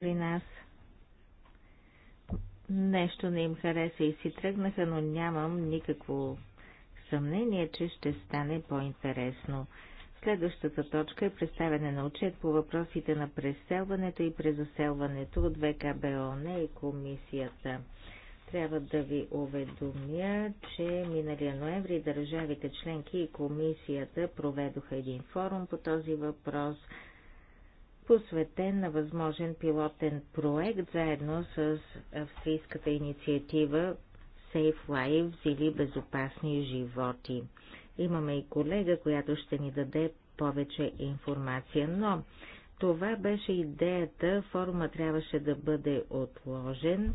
при нас. Нещо не им хареса и си тръгнаха, но нямам никакво съмнение, че ще стане по-интересно. Следващата точка е представяне на отчет по въпросите на преселването и презаселването от не и комисията. Трябва да ви уведомя, че миналия ноември държавите членки и комисията проведоха един форум по този въпрос – посветен на възможен пилотен проект заедно с австрийската инициатива Safe Lives или Безопасни животи. Имаме и колега, която ще ни даде повече информация, но това беше идеята, форума трябваше да бъде отложен.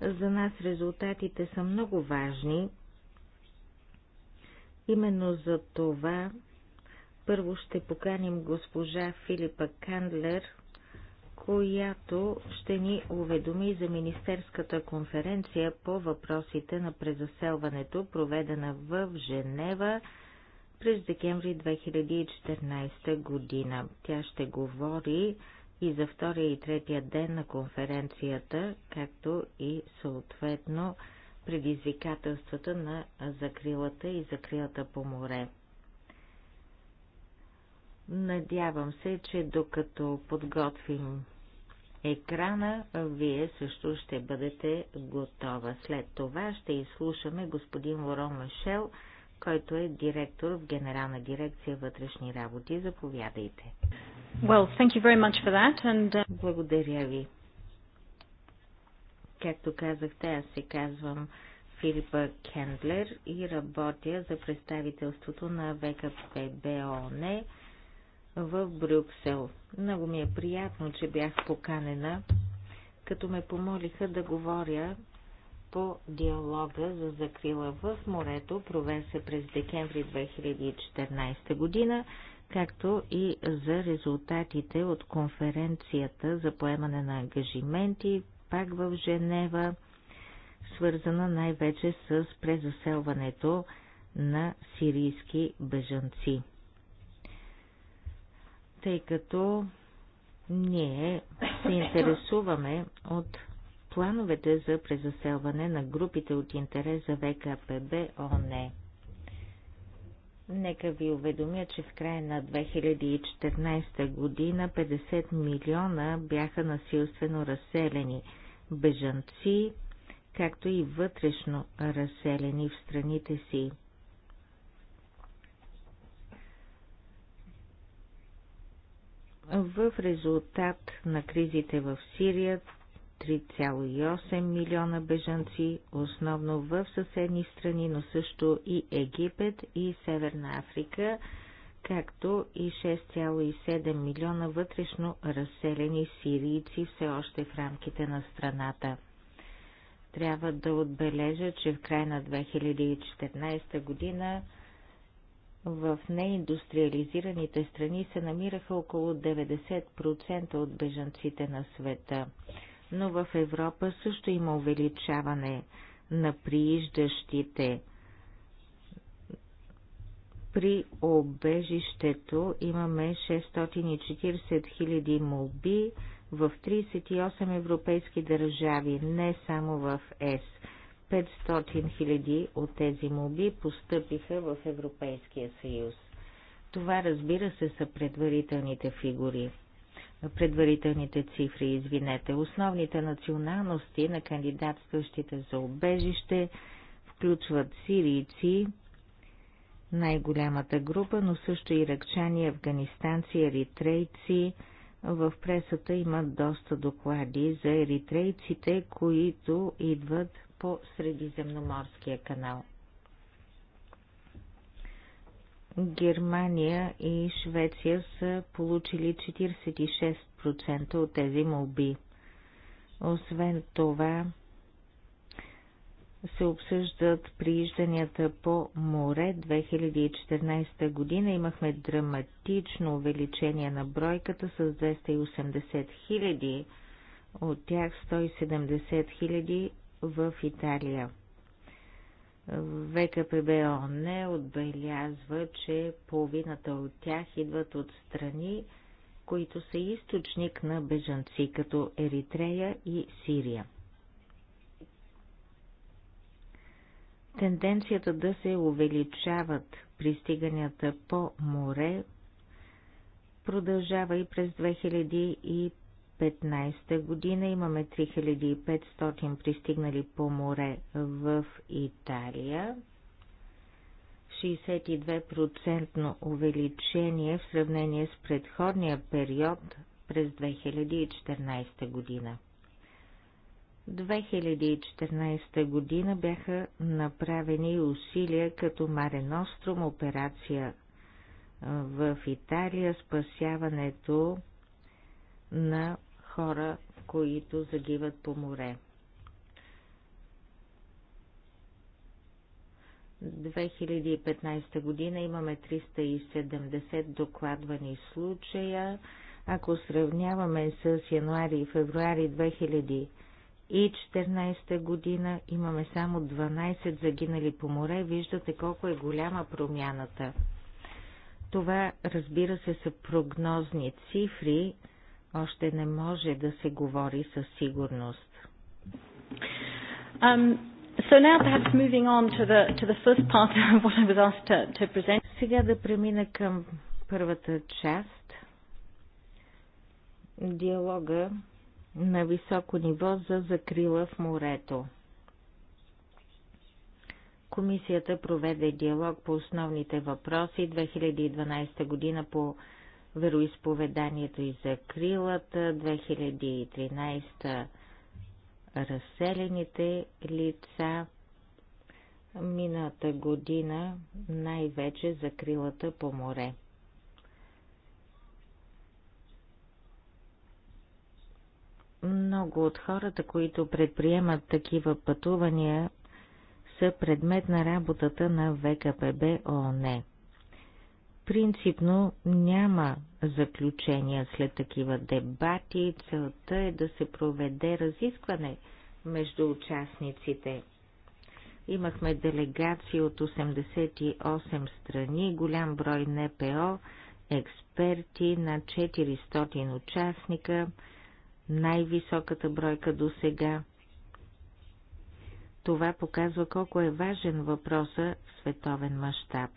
За нас резултатите са много важни. Именно за това първо ще поканим госпожа Филипа Кандлер, която ще ни уведоми за Министерската конференция по въпросите на презаселването, проведена в Женева през декември 2014 година. Тя ще говори и за втория и третия ден на конференцията, както и съответно предизвикателствата на закрилата и закрилата по море. Надявам се, че докато подготвим екрана, вие също ще бъдете готова. След това ще изслушаме господин Лорон Машел, който е директор в Генерална дирекция вътрешни работи. Заповядайте. Well, thank you very much for that and... Uh, Благодаря ви. Както казахте, аз се казвам Филипа Кендлер и работя за представителството на ОНЕ в Брюксел. Много ми е приятно, че бях поканена, като ме помолиха да говоря по диалога за закрила в морето, провен се през декември 2014 година, както и за резултатите от конференцията за поемане на ангажименти, пак в Женева, свързана най-вече с презаселването на сирийски бежанци тъй като ние се интересуваме от плановете за презаселване на групите от интерес за ВКПБ ОНЕ. Нека ви уведомя, че в края на 2014 година 50 милиона бяха насилствено разселени бежанци, както и вътрешно разселени в страните си. В резултат на кризите в Сирия 3,8 милиона бежанци, основно в съседни страни, но също и Египет и Северна Африка, както и 6,7 милиона вътрешно разселени сирийци все още в рамките на страната. Трябва да отбележа, че в край на 2014 година в неиндустриализираните страни се намираха около 90% от бежанците на света, но в Европа също има увеличаване на прииждащите. При обежището имаме 640 000 молби в 38 европейски държави, не само в ЕС. 500 000 от тези моби постъпиха в Европейския съюз. Това разбира се са предварителните фигури. Предварителните цифри, извинете, основните националности на кандидатстващите за обежище включват сирийци, най-голямата група, но също иракчани, афганистанци, еритрейци. В пресата имат доста доклади за еритрейците, които идват по Средиземноморския канал. Германия и Швеция са получили 46% от тези молби. Освен това, се обсъждат приижданията по море 2014 година. Имахме драматично увеличение на бройката с 280 хиляди, от тях 170 хиляди в Италия. ВКПБО не отбелязва, че половината от тях идват от страни, които са източник на бежанци, като Еритрея и Сирия. Тенденцията да се увеличават пристиганията по море продължава и през 2015 година имаме 3500 пристигнали по море в Италия. 62% увеличение в сравнение с предходния период през 2014 година. 2014 година бяха направени усилия като Маре Ностром, операция в Италия, спасяването на хора, които загиват по море. 2015 година имаме 370 докладвани случая. Ако сравняваме с януари и февруари 2014 година, имаме само 12 загинали по море. Виждате колко е голяма промяната. Това, разбира се, са прогнозни цифри, още не може да се говори със сигурност. Um, so now perhaps moving on to the, to the first part of what I was asked to, to present. Сега да премина към първата част. Диалога на високо ниво за закрила в морето. Комисията проведе диалог по основните въпроси 2012 година по вероисповеданието и закрилата, 2013 разселените лица, мината година най-вече закрилата по море. Много от хората, които предприемат такива пътувания, са предмет на работата на ВКПБ ООН. Принципно няма заключения след такива дебати. Целта е да се проведе разискване между участниците. Имахме делегации от 88 страни, голям брой НПО, експерти на 400 участника, най-високата бройка до сега. Това показва колко е важен въпроса в световен мащаб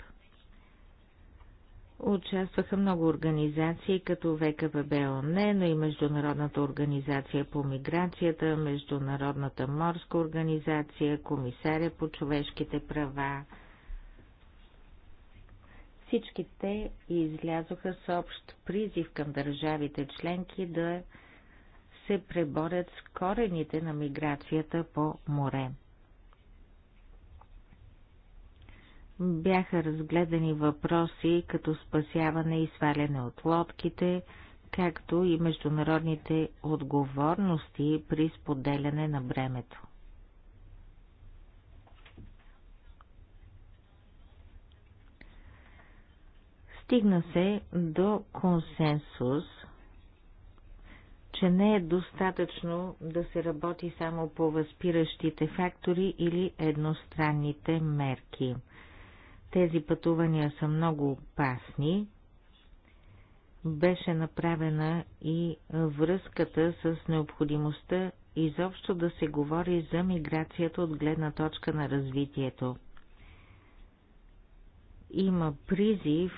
участваха много организации, като ВКПБ но и Международната организация по миграцията, Международната морска организация, Комисаря по човешките права. Всички те излязоха с общ призив към държавите членки да се преборят с корените на миграцията по море. бяха разгледани въпроси като спасяване и сваляне от лодките, както и международните отговорности при споделяне на бремето. Стигна се до консенсус, че не е достатъчно да се работи само по възпиращите фактори или едностранните мерки – тези пътувания са много опасни. Беше направена и връзката с необходимостта изобщо да се говори за миграцията от гледна точка на развитието. Има призив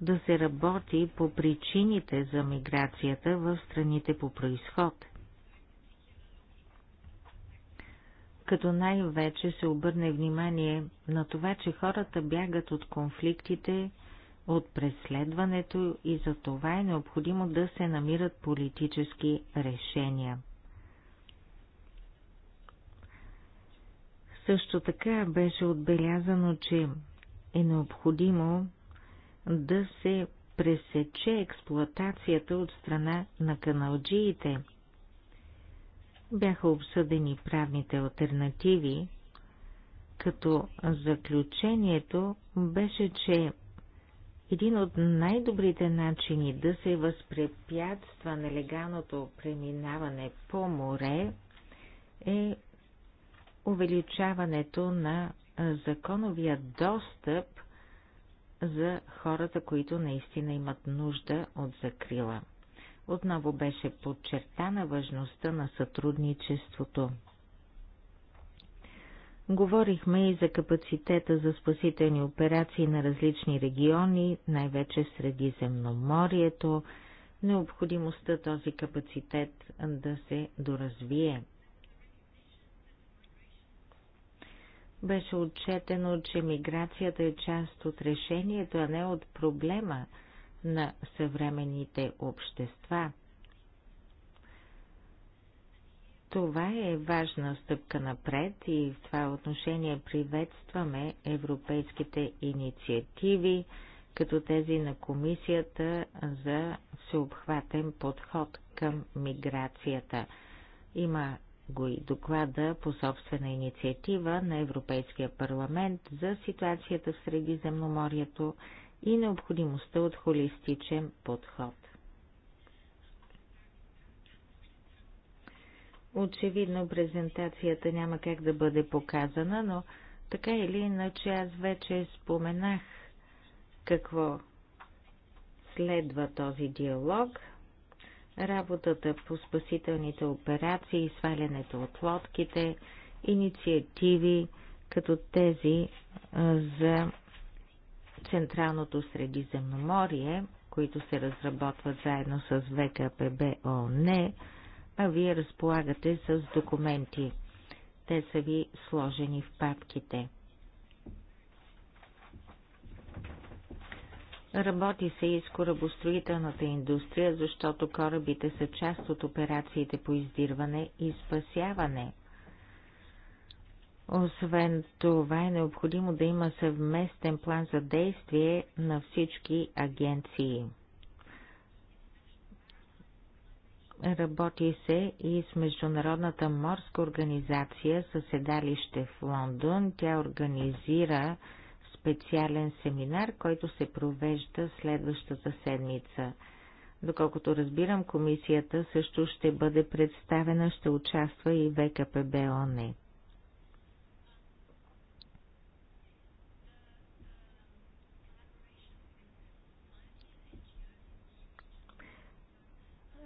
да се работи по причините за миграцията в страните по происход – като най-вече се обърне внимание на това, че хората бягат от конфликтите, от преследването и за това е необходимо да се намират политически решения. Също така беше отбелязано, че е необходимо да се пресече експлоатацията от страна на каналджиите – бяха обсъдени правните альтернативи, като заключението беше, че един от най-добрите начини да се възпрепятства нелегалното преминаване по море е увеличаването на законовия достъп за хората, които наистина имат нужда от закрила. Отново беше подчертана важността на сътрудничеството. Говорихме и за капацитета за спасителни операции на различни региони, най-вече Средиземноморието, необходимостта този капацитет да се доразвие. Беше отчетено, че миграцията е част от решението, а не от проблема – на съвременните общества. Това е важна стъпка напред и в това отношение приветстваме европейските инициативи, като тези на Комисията за всеобхватен подход към миграцията. Има го и доклада по собствена инициатива на Европейския парламент за ситуацията в Средиземноморието и необходимостта от холистичен подход. Очевидно презентацията няма как да бъде показана, но така или иначе аз вече споменах какво следва този диалог. Работата по спасителните операции, свалянето от лодките, инициативи като тези за Централното Средиземноморие, които се разработват заедно с ВКПБ ООН, а вие разполагате с документи. Те са ви сложени в папките. Работи се и с корабостроителната индустрия, защото корабите са част от операциите по издирване и спасяване – освен това е необходимо да има съвместен план за действие на всички агенции. Работи се и с Международната морска организация със седалище в Лондон. Тя организира специален семинар, който се провежда следващата седмица. Доколкото разбирам, комисията също ще бъде представена, ще участва и ВКПБ ОНЕ.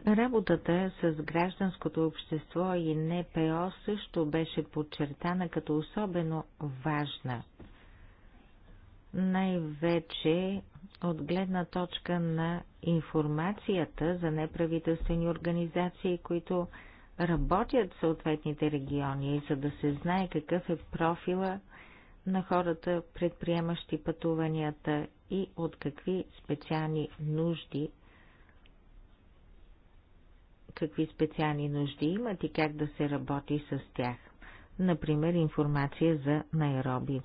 Работата с гражданското общество и НПО също беше подчертана като особено важна. Най-вече от гледна точка на информацията за неправителствени организации, които работят в съответните региони, за да се знае какъв е профила на хората, предприемащи пътуванията и от какви специални нужди какви специални нужди имат и как да се работи с тях. Например, информация за Найроби.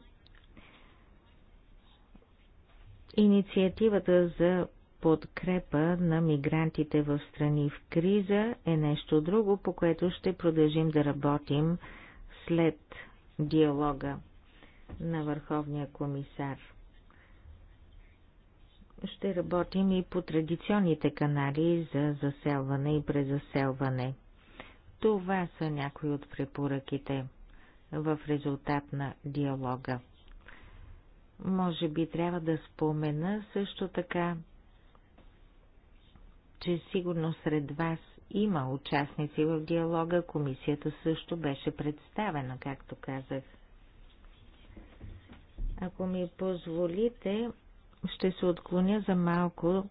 Инициативата за подкрепа на мигрантите в страни в криза е нещо друго, по което ще продължим да работим след диалога на Върховния комисар ще работим и по традиционните канали за заселване и презаселване. Това са някои от препоръките в резултат на диалога. Може би трябва да спомена също така, че сигурно сред вас има участници в диалога, комисията също беше представена, както казах. Ако ми позволите, ще се отклоня за малко,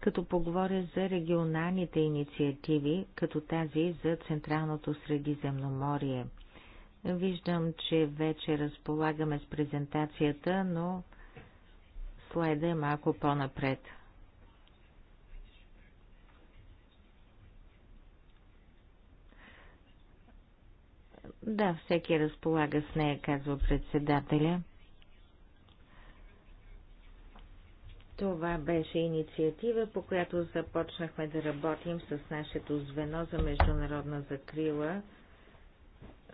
като поговоря за регионалните инициативи, като тази за Централното Средиземноморие. Виждам, че вече разполагаме с презентацията, но слайда е малко по-напред. Да, всеки разполага с нея, казва председателя. Това беше инициатива, по която започнахме да работим с нашето звено за международна закрила,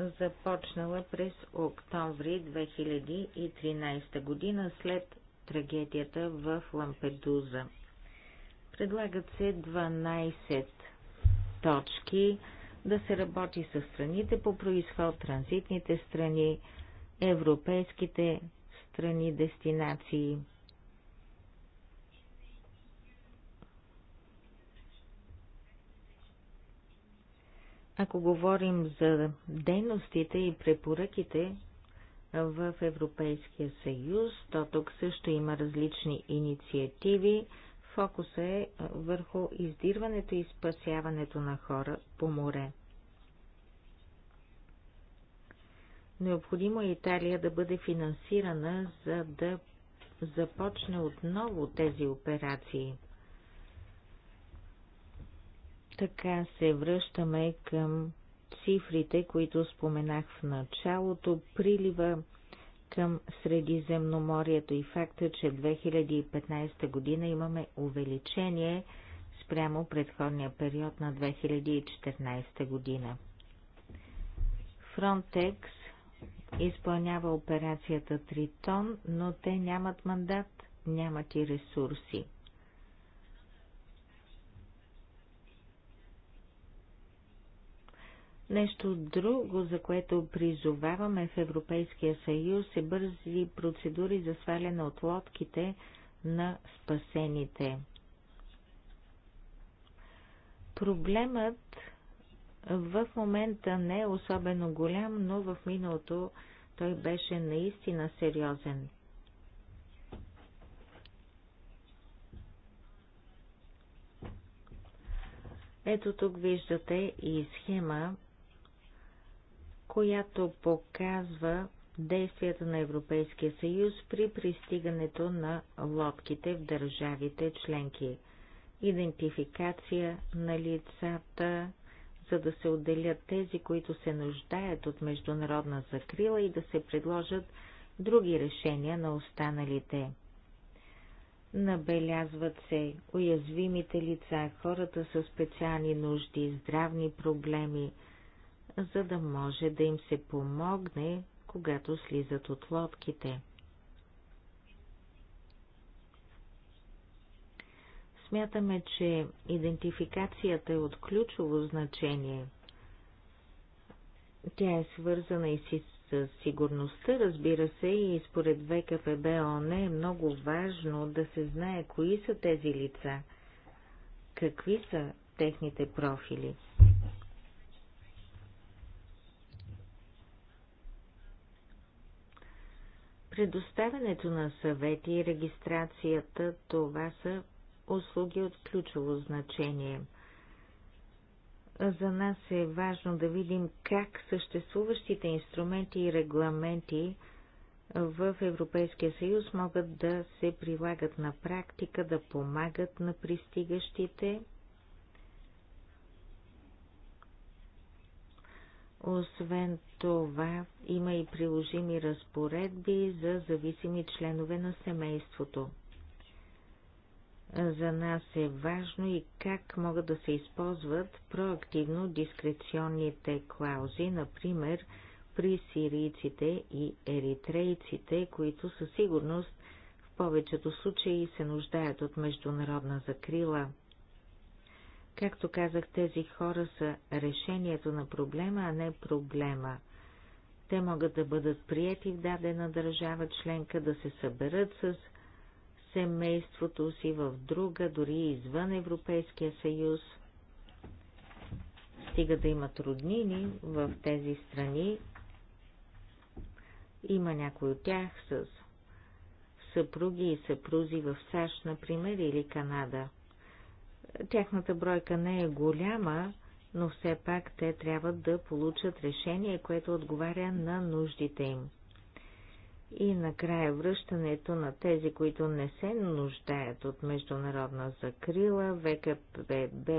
започнала през октомври 2013 година след трагедията в Лампедуза. Предлагат се 12 точки да се работи с страните по происход, транзитните страни, европейските страни, дестинации – Ако говорим за дейностите и препоръките в Европейския съюз, то тук също има различни инициативи. Фокуса е върху издирването и спасяването на хора по море. Необходимо е Италия да бъде финансирана, за да започне отново тези операции – така се връщаме към цифрите, които споменах в началото, прилива към Средиземноморието и факта, че 2015 година имаме увеличение спрямо предходния период на 2014 година. Frontex изпълнява операцията Тритон, но те нямат мандат, нямат и ресурси. Нещо друго, за което призоваваме в Европейския съюз е бързи процедури за сваляне от лодките на спасените. Проблемът в момента не е особено голям, но в миналото той беше наистина сериозен. Ето тук виждате и схема която показва действията на Европейския съюз при пристигането на лодките в държавите членки. Идентификация на лицата, за да се отделят тези, които се нуждаят от международна закрила и да се предложат други решения на останалите. Набелязват се уязвимите лица, хората с специални нужди, здравни проблеми – за да може да им се помогне, когато слизат от лодките. Смятаме, че идентификацията е от ключово значение. Тя е свързана и с сигурността, разбира се, и според ВКПБ ООН е много важно да се знае кои са тези лица, какви са техните профили. Предоставянето на съвети и регистрацията – това са услуги от ключово значение. За нас е важно да видим как съществуващите инструменти и регламенти в Европейския съюз могат да се прилагат на практика, да помагат на пристигащите Освен това, има и приложими разпоредби за зависими членове на семейството. За нас е важно и как могат да се използват проактивно дискреционните клаузи, например при сирийците и еритрейците, които със сигурност в повечето случаи се нуждаят от международна закрила. Както казах, тези хора са решението на проблема, а не проблема. Те могат да бъдат прияти в дадена държава членка, да се съберат с семейството си в друга, дори извън Европейския съюз. Стига да имат роднини в тези страни. Има някой от тях с съпруги и съпрузи в САЩ, например, или Канада – Тяхната бройка не е голяма, но все пак те трябва да получат решение, което отговаря на нуждите им. И накрая връщането на тези, които не се нуждаят от международна закрила, ВКПБ,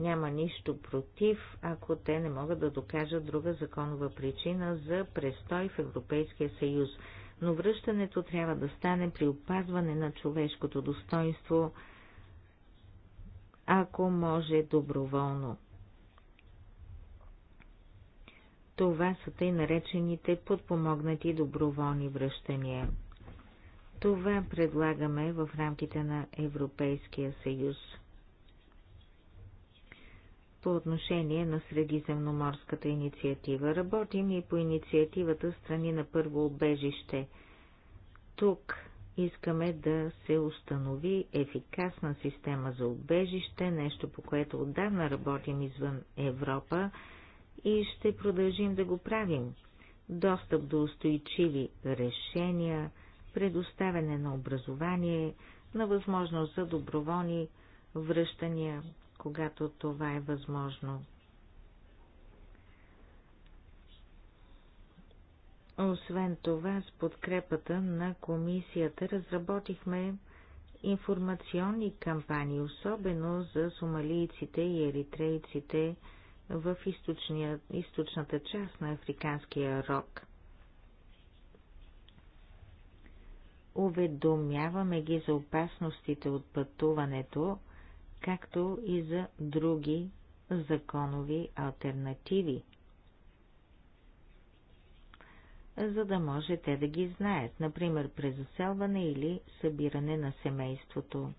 няма нищо против, ако те не могат да докажат друга законова причина за престой в Европейския съюз. Но връщането трябва да стане при опазване на човешкото достоинство, ако може доброволно. Това са тъй наречените подпомогнати доброволни връщания. Това предлагаме в рамките на Европейския съюз. По отношение на Средиземноморската инициатива работим и по инициативата Страни на първо обежище. Тук Искаме да се установи ефикасна система за убежище, нещо по което отдавна работим извън Европа и ще продължим да го правим. Достъп до устойчиви решения, предоставяне на образование, на възможност за доброволни връщания, когато това е възможно. Освен това, с подкрепата на комисията разработихме информационни кампании, особено за сомалийците и еритрейците в източния, източната част на Африканския рок. Уведомяваме ги за опасностите от пътуването, както и за други законови альтернативи. за да може те да ги знаят, например през заселване или събиране на семейството.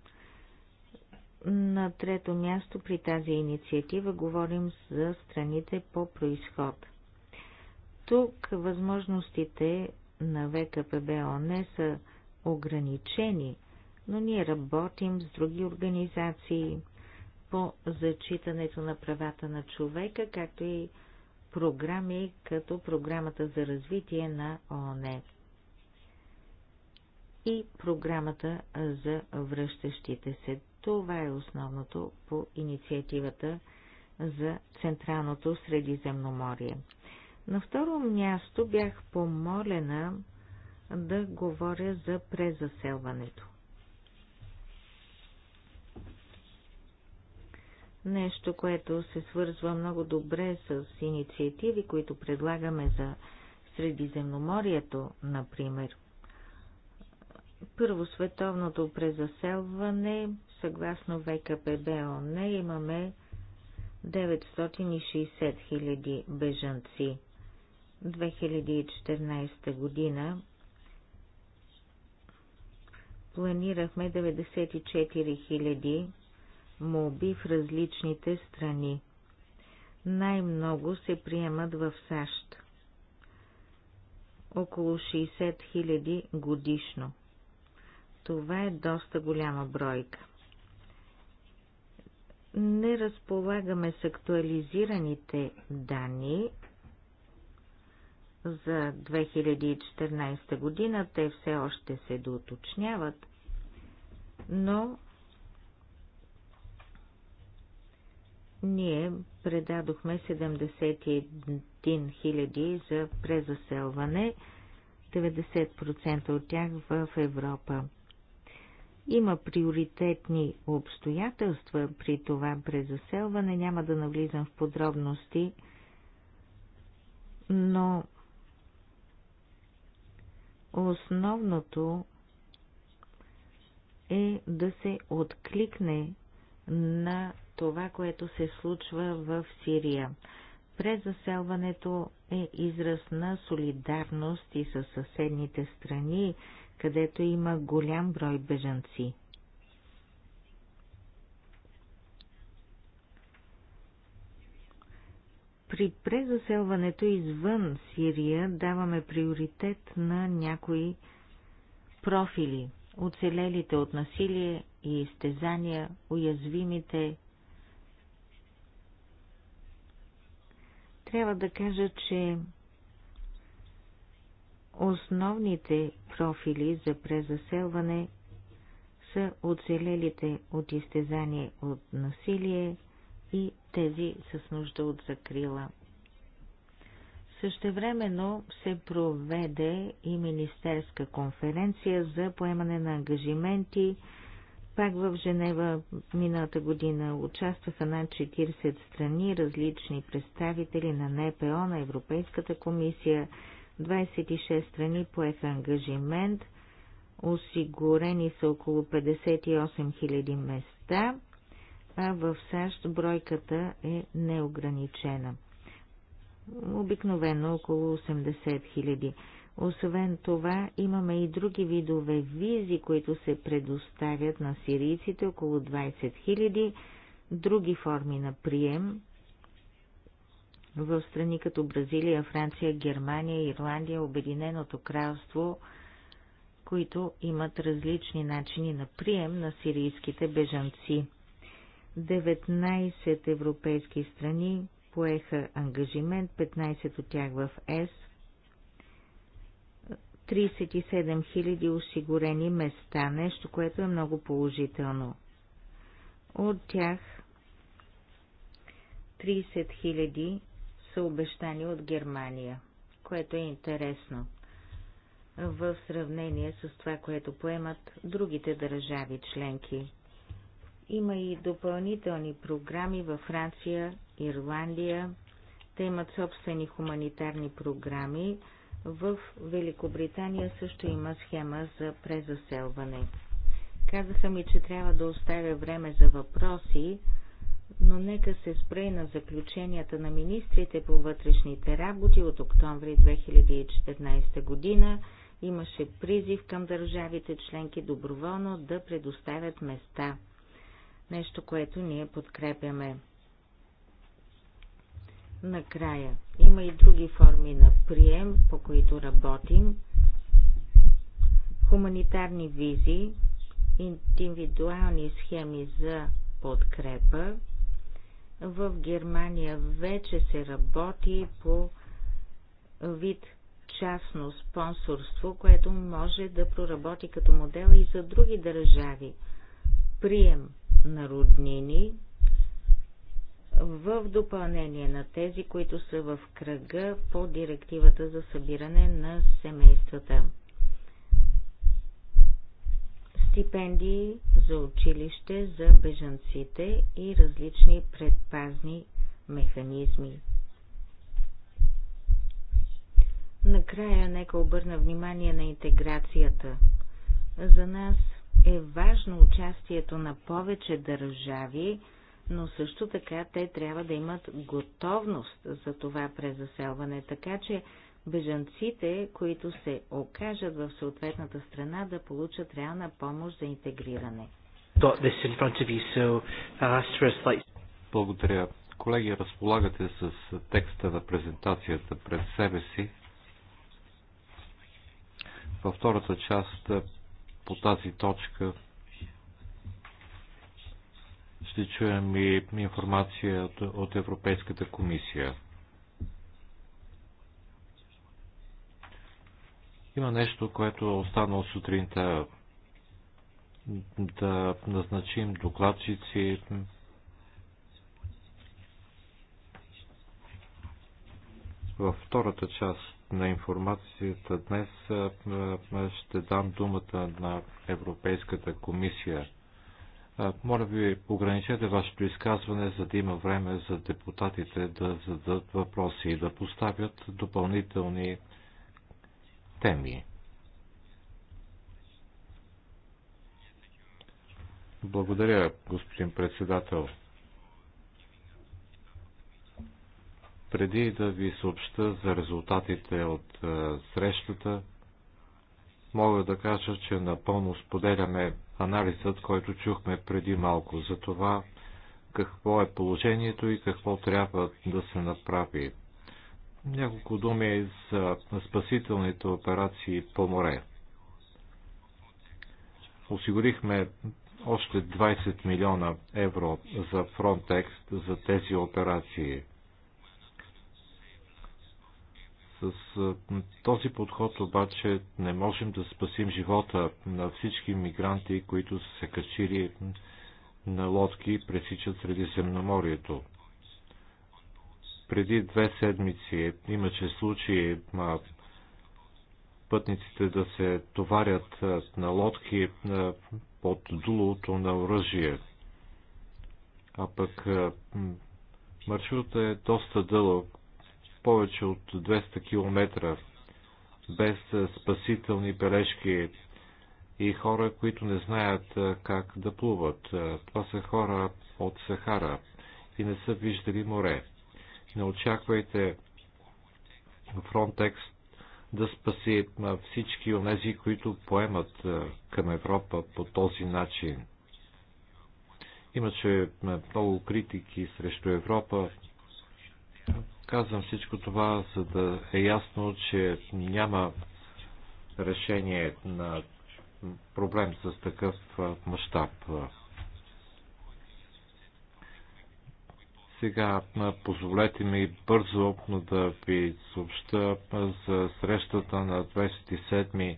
На трето място при тази инициатива говорим за страните по происход. Тук възможностите на ВКПБ не са ограничени, но ние работим с други организации по зачитането на правата на човека, както и програми като Програмата за развитие на ООН и Програмата за връщащите се. Това е основното по инициативата за Централното Средиземноморие. На второ място бях помолена да говоря за презаселването. нещо, което се свързва много добре с инициативи, които предлагаме за Средиземноморието, например. Първо световното презаселване, съгласно ВКПБ ОН, имаме 960 000 бежанци. 2014 година планирахме 94 000 молби в различните страни. Най-много се приемат в САЩ. Около 60 000 годишно. Това е доста голяма бройка. Не разполагаме с актуализираните данни, за 2014 година, те все още се доуточняват, но Ние предадохме 71 000 за презаселване, 90% от тях в Европа. Има приоритетни обстоятелства при това презаселване, няма да навлизам в подробности, но основното е да се откликне на това, което се случва в Сирия. Презаселването е израз на солидарност и със съседните страни, където има голям брой бежанци. При презаселването извън Сирия даваме приоритет на някои профили – оцелелите от насилие и изтезания, уязвимите Трябва да кажа, че основните профили за презаселване са оцелелите от изтезание от насилие и тези с нужда от закрила. Същевременно се проведе и Министерска конференция за поемане на ангажименти пак в Женева миналата година участваха над 40 страни, различни представители на НПО, на Европейската комисия. 26 страни поеха ангажимент. Осигурени са около 58 000 места, а в САЩ бройката е неограничена. Обикновено около 80 000. Освен това, имаме и други видове визи, които се предоставят на сирийците, около 20 000, други форми на прием в страни като Бразилия, Франция, Германия, Ирландия, Обединеното кралство, които имат различни начини на прием на сирийските бежанци. 19 европейски страни поеха ангажимент, 15 от тях в ЕС – 37 000 осигурени места, нещо, което е много положително. От тях 30 000 са обещани от Германия, което е интересно в сравнение с това, което поемат другите държави членки. Има и допълнителни програми във Франция, Ирландия. Те имат собствени хуманитарни програми, в Великобритания също има схема за презаселване. Казаха ми, че трябва да оставя време за въпроси, но нека се спре на заключенията на министрите по вътрешните работи от октомври 2014 година. Имаше призив към държавите членки доброволно да предоставят места. Нещо, което ние подкрепяме. Накрая – има и други форми на прием, по които работим. Хуманитарни визи, индивидуални схеми за подкрепа. В Германия вече се работи по вид частно спонсорство, което може да проработи като модел и за други държави. Прием на роднини, в допълнение на тези, които са в кръга по директивата за събиране на семействата. Стипендии за училище за бежанците и различни предпазни механизми. Накрая нека обърна внимание на интеграцията. За нас е важно участието на повече държави, но също така те трябва да имат готовност за това презаселване, така че бежанците, които се окажат в съответната страна, да получат реална помощ за интегриране. Благодаря. Колеги, разполагате с текста на презентацията пред себе си. Във втората част по тази точка ще чуем и информация от, от Европейската комисия. Има нещо, което остана останало сутринта да назначим докладчици. Във втората част на информацията днес ще дам думата на Европейската комисия. Моля ви, ограничете вашето изказване, за да има време за депутатите да зададат въпроси и да поставят допълнителни теми. Благодаря, господин председател. Преди да ви съобща за резултатите от срещата, мога да кажа, че напълно споделяме анализът, който чухме преди малко за това какво е положението и какво трябва да се направи. Няколко думи за спасителните операции по море. Осигурихме още 20 милиона евро за Frontex за тези операции. С този подход обаче не можем да спасим живота на всички мигранти, които са се качили на лодки и пресичат Средиземноморието. Преди две седмици имаше случаи пътниците да се товарят на лодки под дулото на оръжие. А пък маршрутът е доста дълъг, повече от 200 км без спасителни бележки и хора, които не знаят как да плуват. Това са хора от Сахара и не са виждали море. Не очаквайте Фронтекс да спаси всички тези, които поемат към Европа по този начин. Имаше много критики срещу Европа Казвам всичко това, за да е ясно, че няма решение на проблем с такъв мащаб. Сега позволете ми бързо да ви съобща за срещата на 27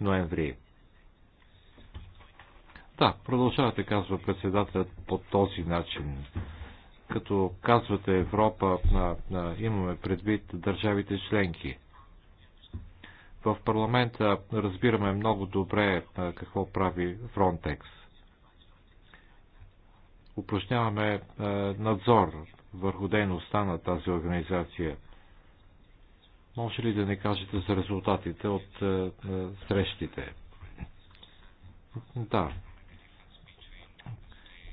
ноември. Да, продължавате, казва председателят по този начин. Като казвате Европа, на, на, имаме предвид държавите членки. В парламента разбираме много добре какво прави Фронтекс. Упражняваме надзор върху дейността на тази организация. Може ли да не кажете за резултатите от срещите? Да,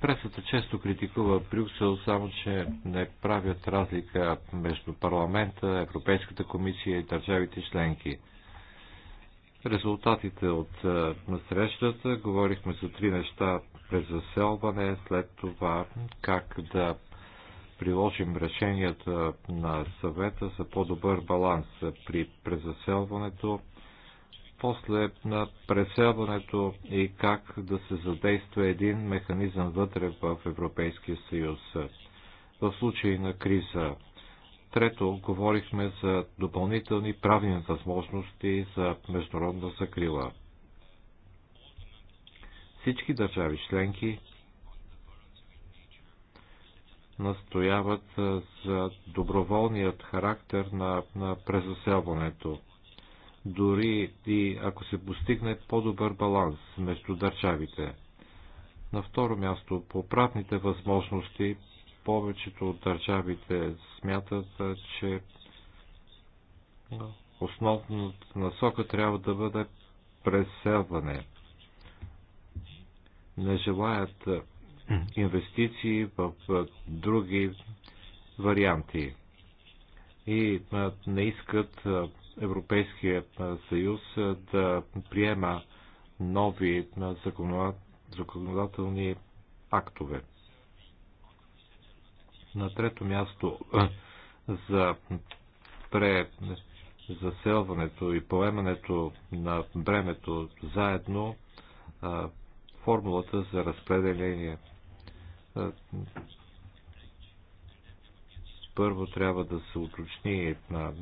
Пресата често критикува Брюксел, само че не правят разлика между парламента, Европейската комисия и държавите членки. Резултатите от е, срещата говорихме за три неща през заселване, след това как да приложим решенията на съвета за по-добър баланс при презаселването, после на преселването и как да се задейства един механизъм вътре в Европейския съюз в случай на криза. Трето, говорихме за допълнителни правни възможности за международна закрила. Всички държави членки настояват за доброволният характер на, на презаселването дори и ако се постигне по-добър баланс между държавите. На второ място, по правните възможности, повечето от държавите смятат, че основната насока трябва да бъде преселване. Не желаят инвестиции в други варианти и не искат Европейския съюз да приема нови законодателни актове. На трето място за презаселването и поемането на бремето заедно формулата за разпределение. Първо трябва да се уточни на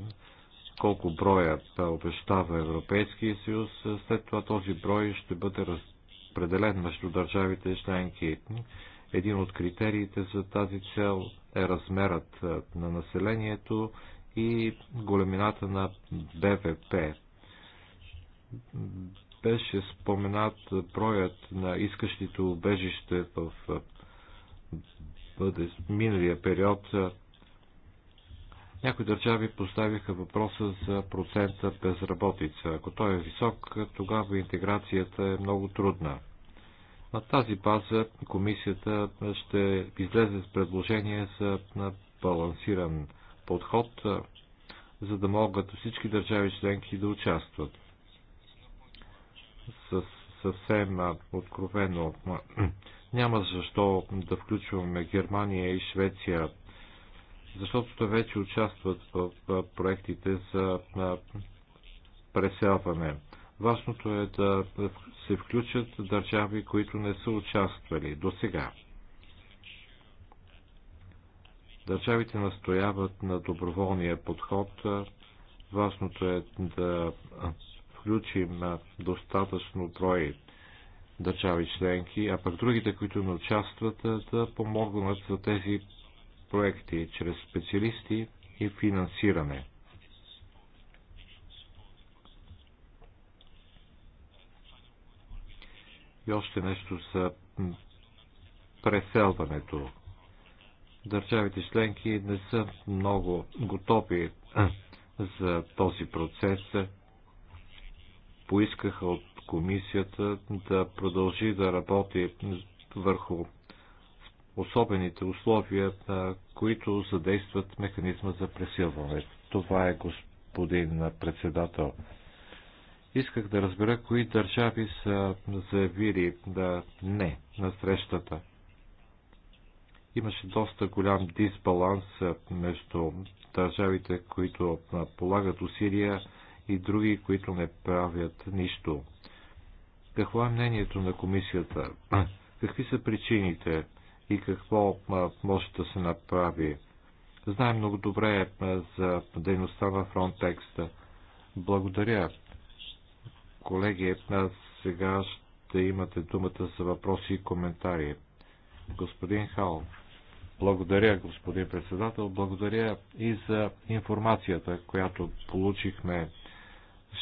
колко броя обещава Европейския съюз. След това този брой ще бъде разпределен между държавите и членки. Един от критериите за тази цел е размерът на населението и големината на БВП. Беше споменат броят на искащите убежище в бъде миналия период някои държави поставиха въпроса за процента безработица. Ако той е висок, тогава интеграцията е много трудна. На тази база комисията ще излезе с предложение за балансиран подход, за да могат всички държави членки да участват. С съвсем откровено няма защо да включваме Германия и Швеция защото те вече участват в проектите за преселване. Важното е да се включат държави, които не са участвали до сега. Държавите настояват на доброволния подход. Важното е да включим достатъчно брой държави членки, а пък другите, които не участват, да помогнат за тези проекти чрез специалисти и финансиране. И още нещо за преселването. Държавите членки не са много готови за този процес. Поискаха от комисията да продължи да работи върху особените условия, които задействат механизма за пресилване. Това е господин председател. Исках да разбера кои държави са заявили да не на срещата. Имаше доста голям дисбаланс между държавите, които полагат усилия и други, които не правят нищо. Какво е мнението на комисията? Какви са причините и какво може да се направи. Знаем много добре за дейността на фронтекста. Благодаря. Колеги, сега ще имате думата за въпроси и коментари. Господин Хал, благодаря, господин председател. Благодаря и за информацията, която получихме.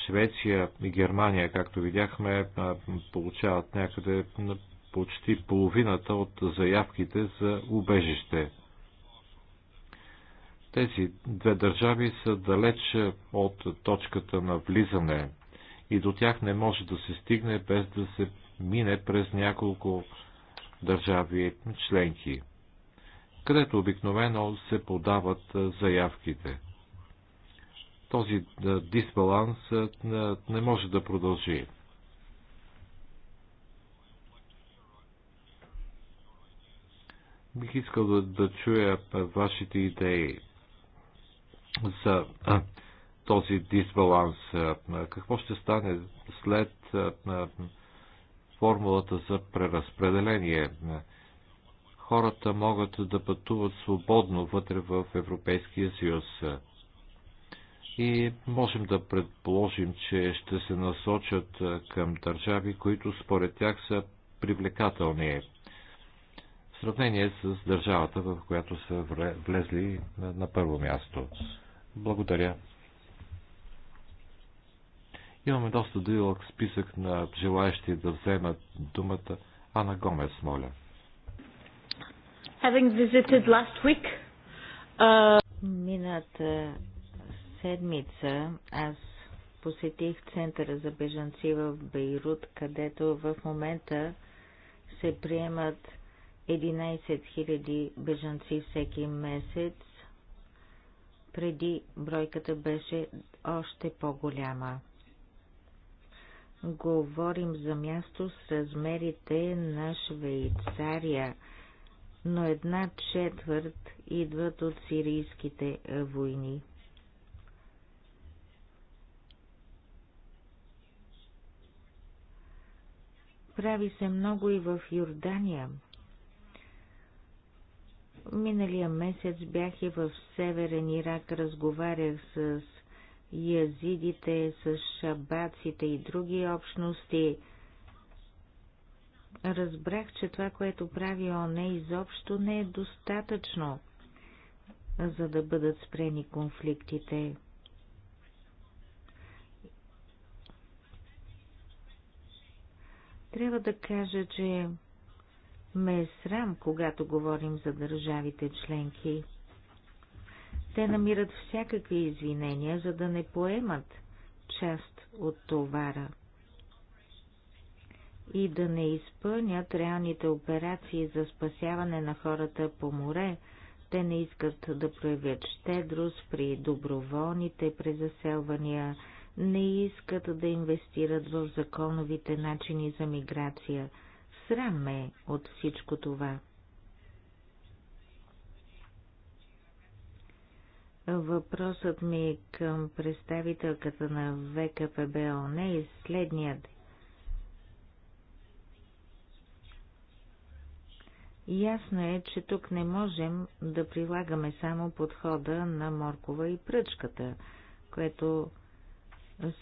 Швеция и Германия, както видяхме, получават някъде почти половината от заявките за убежище. Тези две държави са далеч от точката на влизане и до тях не може да се стигне без да се мине през няколко държави членки, където обикновено се подават заявките. Този дисбаланс не може да продължи. Бих искал да, да чуя вашите идеи за а, този дисбаланс. Какво ще стане след а, формулата за преразпределение? Хората могат да пътуват свободно вътре в Европейския съюз. И можем да предположим, че ще се насочат към държави, които според тях са привлекателни сравнение с държавата, в която са влезли на първо място. Благодаря. Имаме доста дълъг списък на желаящи да вземат думата. Ана Гомес, моля. Having visited last week, uh... Мината седмица аз посетих Центъра за бежанци в Бейрут, където в момента се приемат 11 000 бежанци всеки месец. Преди бройката беше още по-голяма. Говорим за място с размерите на Швейцария, но една четвърт идват от сирийските войни. Прави се много и в Йордания – Миналия месец бях и в Северен Ирак, разговарях с язидите, с шабаците и други общности. Разбрах, че това, което прави ОНЕ, изобщо не е достатъчно, за да бъдат спрени конфликтите. Трябва да кажа, че ме е срам, когато говорим за държавите членки. Те намират всякакви извинения, за да не поемат част от товара и да не изпълнят реалните операции за спасяване на хората по море. Те не искат да проявят щедрост при доброволните презаселвания, не искат да инвестират в законовите начини за миграция – Срам ме от всичко това. Въпросът ми към представителката на ВКПБ не е следният. Ясно е, че тук не можем да прилагаме само подхода на моркова и пръчката, което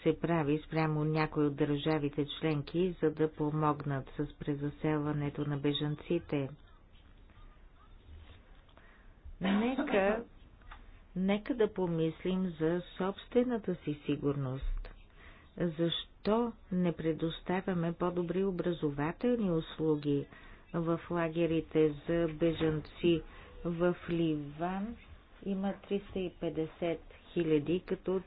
се прави спрямо някои от държавите членки, за да помогнат с презаселването на бежанците. Нека, нека да помислим за собствената си сигурност. Защо не предоставяме по-добри образователни услуги в лагерите за бежанци в Ливан? Има 350 хиляди, като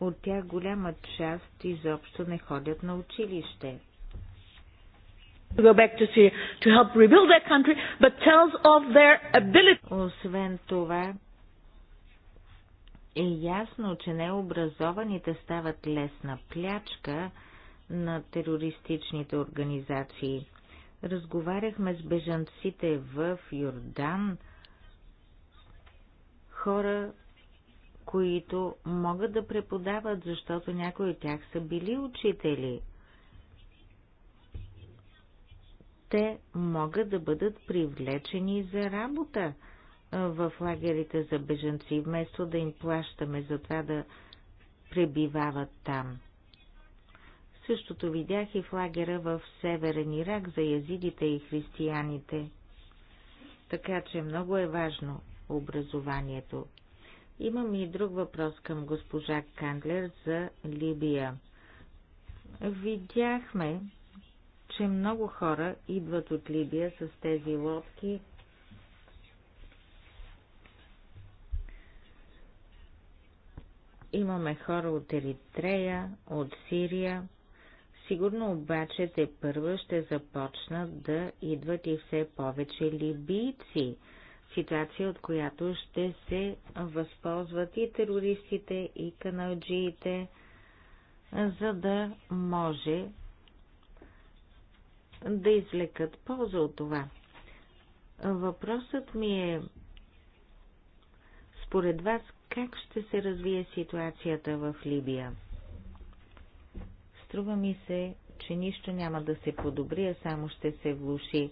от тях голяма част изобщо не ходят на училище. Освен това, е ясно, че необразованите стават лесна плячка на терористичните организации. Разговаряхме с бежанците в Йордан, хора, които могат да преподават, защото някои от тях са били учители. Те могат да бъдат привлечени за работа в лагерите за бежанци, вместо да им плащаме за това да пребивават там. Същото видях и в лагера в Северен Ирак за язидите и християните. Така че много е важно образованието. Имам и друг въпрос към госпожа Кандлер за Либия. Видяхме, че много хора идват от Либия с тези лодки. Имаме хора от Еритрея, от Сирия. Сигурно обаче те първа ще започнат да идват и все повече либийци – ситуация, от която ще се възползват и терористите, и каналджиите, за да може да извлекат полза от това. Въпросът ми е, според вас, как ще се развие ситуацията в Либия? Струва ми се, че нищо няма да се подобри, а само ще се влуши.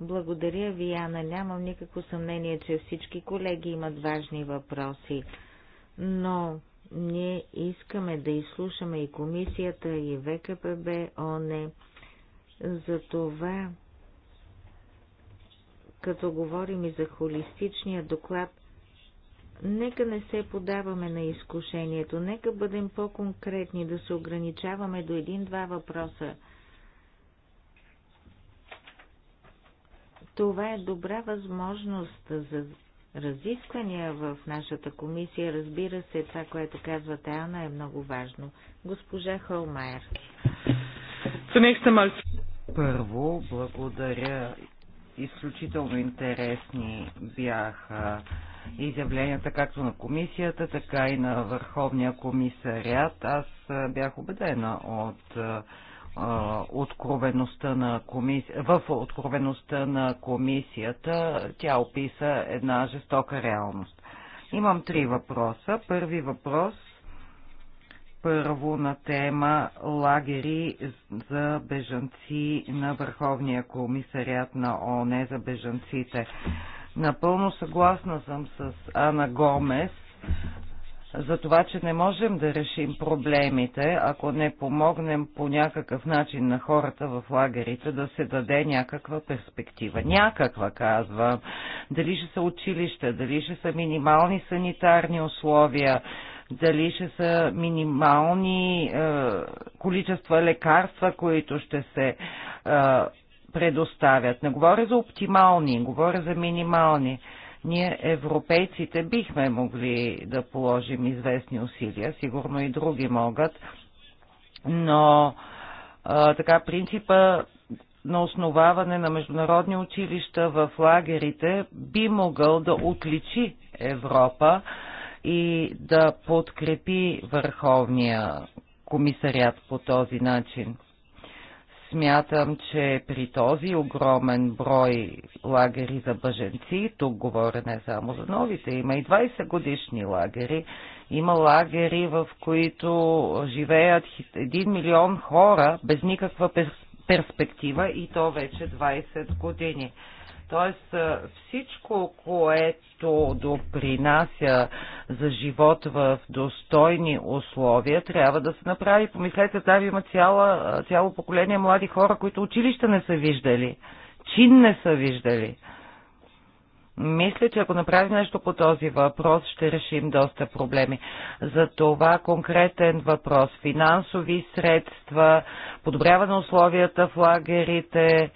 Благодаря ви, Яна. Нямам никакво съмнение, че всички колеги имат важни въпроси, но ние искаме да изслушаме и комисията, и ВКПБ, ОНЕ. За това, като говорим и за холистичния доклад, нека не се подаваме на изкушението, нека бъдем по-конкретни, да се ограничаваме до един-два въпроса – Това е добра възможност за разисквания в нашата комисия. Разбира се, това, което казва Ана, е много важно. Госпожа Холмайер. Първо, благодаря. Изключително интересни бяха изявленията както на комисията, така и на Върховния комисариат. Аз бях убедена от откровеността на комисия, в откровеността на комисията тя описа една жестока реалност. Имам три въпроса. Първи въпрос първо на тема лагери за бежанци на Върховния комисарят на ООН за бежанците. Напълно съгласна съм с Ана Гомес, за това, че не можем да решим проблемите, ако не помогнем по някакъв начин на хората в лагерите да се даде някаква перспектива. Някаква, казвам. Дали ще са училища, дали ще са минимални санитарни условия, дали ще са минимални е, количества лекарства, които ще се е, предоставят. Не говоря за оптимални, говоря за минимални. Е, ние, европейците, бихме могли да положим известни усилия, сигурно и други могат, но а, така принципа на основаване на международни училища в лагерите би могъл да отличи Европа и да подкрепи Върховния комисарят по този начин. Смятам, че при този огромен брой лагери за бъженци, тук говоря не само за новите, има и 20 годишни лагери, има лагери, в които живеят 1 милион хора без никаква перспектива и то вече 20 години. Тоест всичко, което допринася за живот в достойни условия, трябва да се направи. Помислете, там има цяло, цяло поколение млади хора, които училища не са виждали, чин не са виждали. Мисля, че ако направим нещо по този въпрос, ще решим доста проблеми. За това конкретен въпрос. Финансови средства, подобряване условията в лагерите,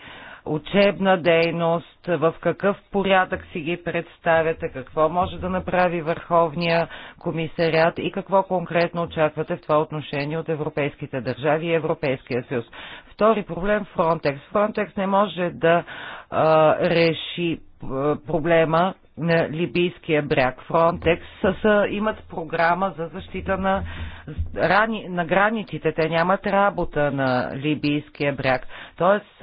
учебна дейност, в какъв порядък си ги представяте, какво може да направи Върховния комисарят и какво конкретно очаквате в това отношение от европейските държави и Европейския съюз. Втори проблем – Frontex. Frontex не може да а, реши а, проблема на Либийския бряг. Фронтекс са, имат програма за защита на, рани, на границите. Те нямат работа на Либийския бряг. Тоест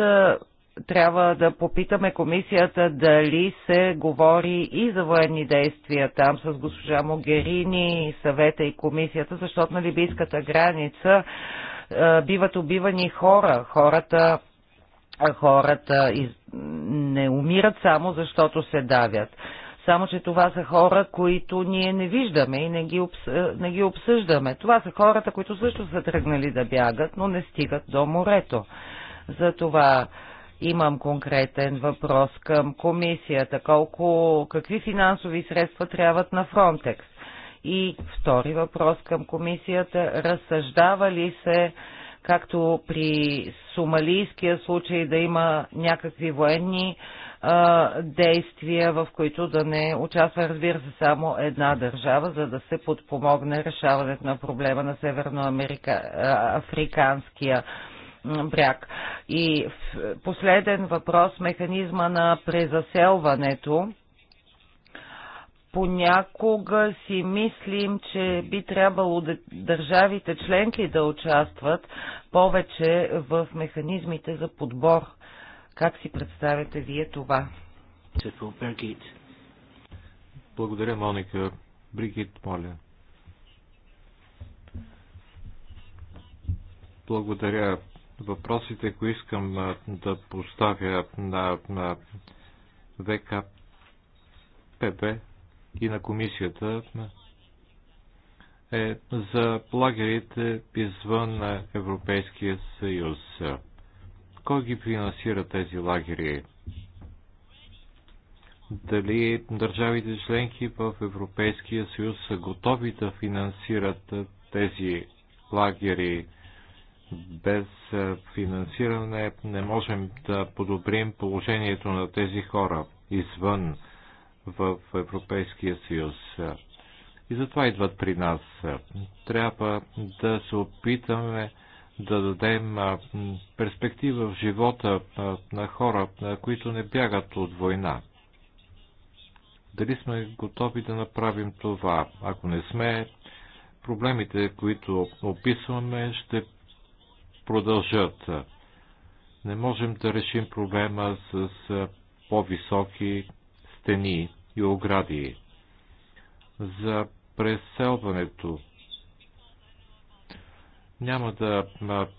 трябва да попитаме комисията дали се говори и за военни действия там с госпожа Могерини, съвета и комисията, защото на либийската граница е, биват убивани хора. Хората хората не умират само защото се давят. Само, че това са хора, които ние не виждаме и не ги, обс... Е, не ги обсъждаме. Това са хората, които също са тръгнали да бягат, но не стигат до морето. Затова Имам конкретен въпрос към комисията. Колко, какви финансови средства трябват на Фронтекс? И втори въпрос към комисията. Разсъждава ли се, както при сумалийския случай, да има някакви военни а, действия, в които да не участва, разбира се, само една държава, за да се подпомогне решаването на проблема на северноафриканския бряг. И последен въпрос, механизма на презаселването. Понякога си мислим, че би трябвало държавите членки да участват повече в механизмите за подбор. Как си представяте вие това? Благодаря, Моника. Бригит, моля. Благодаря. Въпросите, които искам да поставя на, на ВКПБ и на комисията е за лагерите извън Европейския съюз. Кой ги финансира тези лагери? Дали държавите членки в Европейския съюз са готови да финансират тези лагери? Без финансиране не можем да подобрим положението на тези хора извън в Европейския съюз. И затова идват при нас. Трябва да се опитаме да дадем перспектива в живота на хора, които не бягат от война. Дали сме готови да направим това? Ако не сме, проблемите, които описваме, ще продължат. Не можем да решим проблема с по-високи стени и огради. За преселването няма да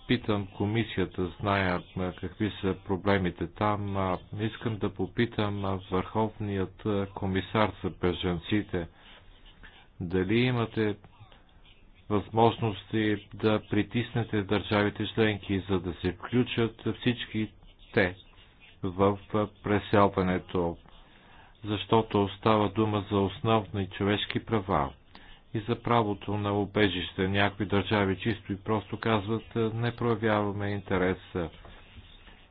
питам комисията, зная какви са проблемите там. Искам да попитам върховният комисар за бежанците. Дали имате възможности да притиснете държавите членки, за да се включат всички те в преселването, защото става дума за основни човешки права и за правото на убежище. Някои държави чисто и просто казват не проявяваме интереса.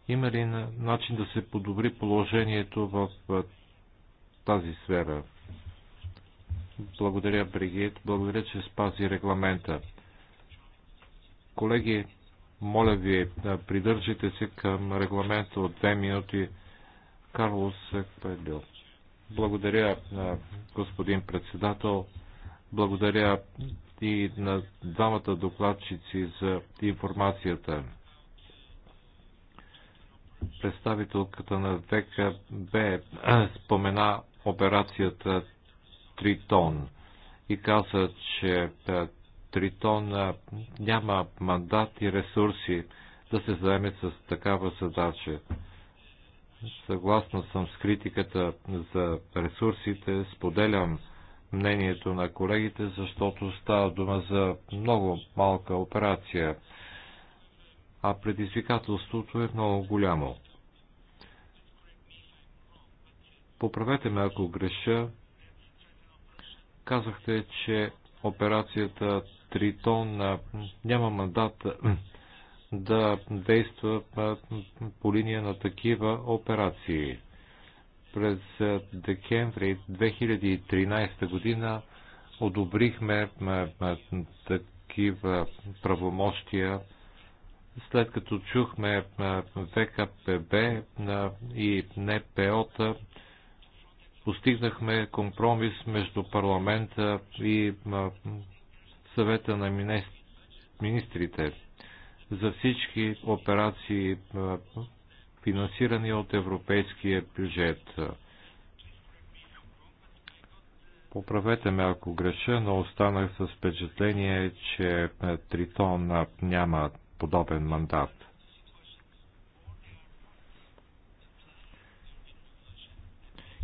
Има ли начин да се подобри положението в тази сфера? Благодаря, Бригит. Благодаря, че спази регламента. Колеги, моля ви, да придържите се към регламента от две минути. Карлос Педил. Е Благодаря, господин председател. Благодаря и на двамата докладчици за информацията. Представителката на ВКБ спомена операцията Тритон и каза, че е, Тритон е, няма мандат и ресурси да се заеме с такава задача. Съгласна съм с критиката за ресурсите, споделям мнението на колегите, защото става дума за много малка операция, а предизвикателството е много голямо. Поправете ме, ако греша, Казахте, че операцията Тритон няма мандат да действа по линия на такива операции. През декември 2013 година одобрихме такива правомощия, след като чухме ВКПБ и НПО-та, постигнахме компромис между парламента и съвета на министрите за всички операции, финансирани от европейския бюджет. Поправете ме, ако греша, но останах с впечатление, че Тритон няма подобен мандат.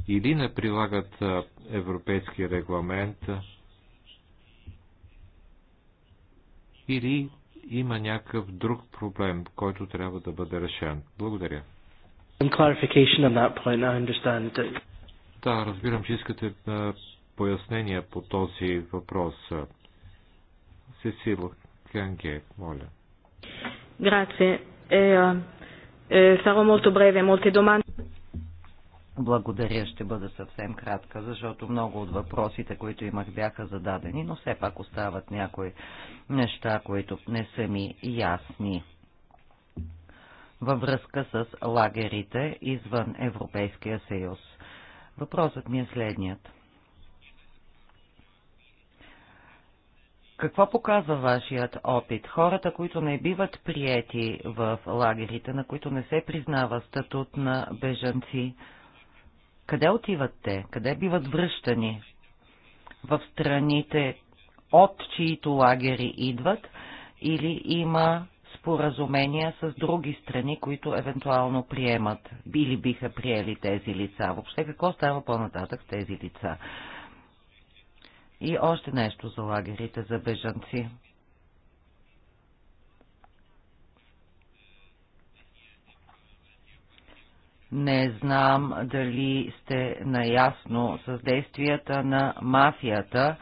или не прилагат европейски регламент, или има някакъв друг проблем, който трябва да бъде решен. Благодаря. Да, разбирам, че искате пояснения по този въпрос. Сесило Кенге, моля. Grazie. Е, eh, sarò molto breve, molte domande. Благодаря, ще бъда съвсем кратка, защото много от въпросите, които имах, бяха зададени, но все пак остават някои неща, които не са ми ясни. Във връзка с лагерите извън Европейския съюз. Въпросът ми е следният. Какво показва вашият опит? Хората, които не биват приети в лагерите, на които не се признава статут на бежанци, къде отиват те? Къде биват връщани? В страните, от чието лагери идват, или има споразумения с други страни, които евентуално приемат или биха приели тези лица. Въобще какво става по-нататък с тези лица? И още нещо за лагерите за бежанци. Не знам дали сте наясно с действията на мафията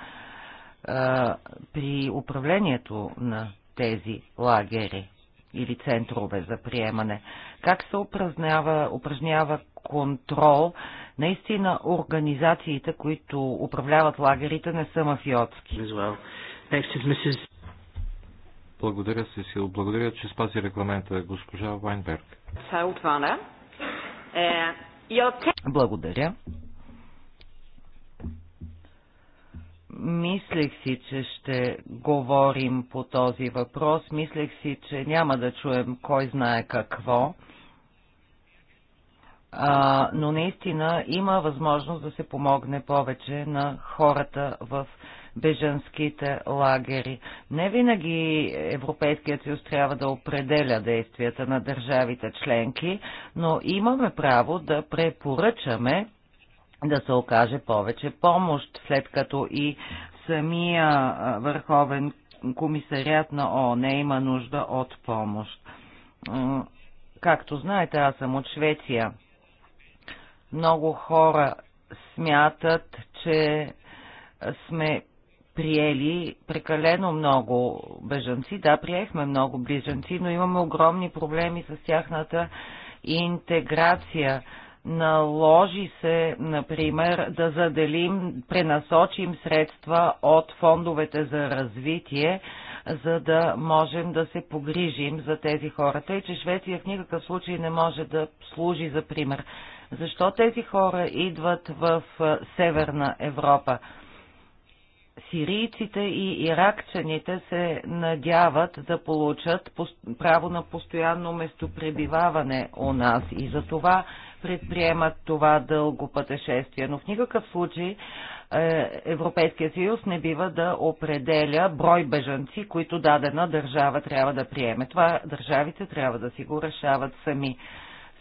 а, при управлението на тези лагери или центрове за приемане. Как се упражнява, упражнява контрол? Наистина организациите, които управляват лагерите, не са мафиотски. Благодаря, Сесил. Благодаря, че спази регламента госпожа Вайнберг. Eh, Благодаря. Мислех си, че ще говорим по този въпрос. Мислех си, че няма да чуем кой знае какво. А, но наистина има възможност да се помогне повече на хората в бежанските лагери. Не винаги Европейският съюз трябва да определя действията на държавите членки, но имаме право да препоръчаме да се окаже повече помощ, след като и самия Върховен комисарят на ООН има нужда от помощ. Както знаете, аз съм от Швеция. Много хора смятат, че сме приели прекалено много бежанци. Да, приехме много бежанци, но имаме огромни проблеми с тяхната интеграция. Наложи се, например, да заделим, пренасочим средства от фондовете за развитие, за да можем да се погрижим за тези хора. Тъй, че Швеция в никакъв случай не може да служи за пример. Защо тези хора идват в Северна Европа? сирийците и иракчаните се надяват да получат право на постоянно местопребиваване у нас и за това предприемат това дълго пътешествие. Но в никакъв случай е, Европейския съюз не бива да определя брой бежанци, които дадена държава трябва да приеме. Това държавите трябва да си го решават сами.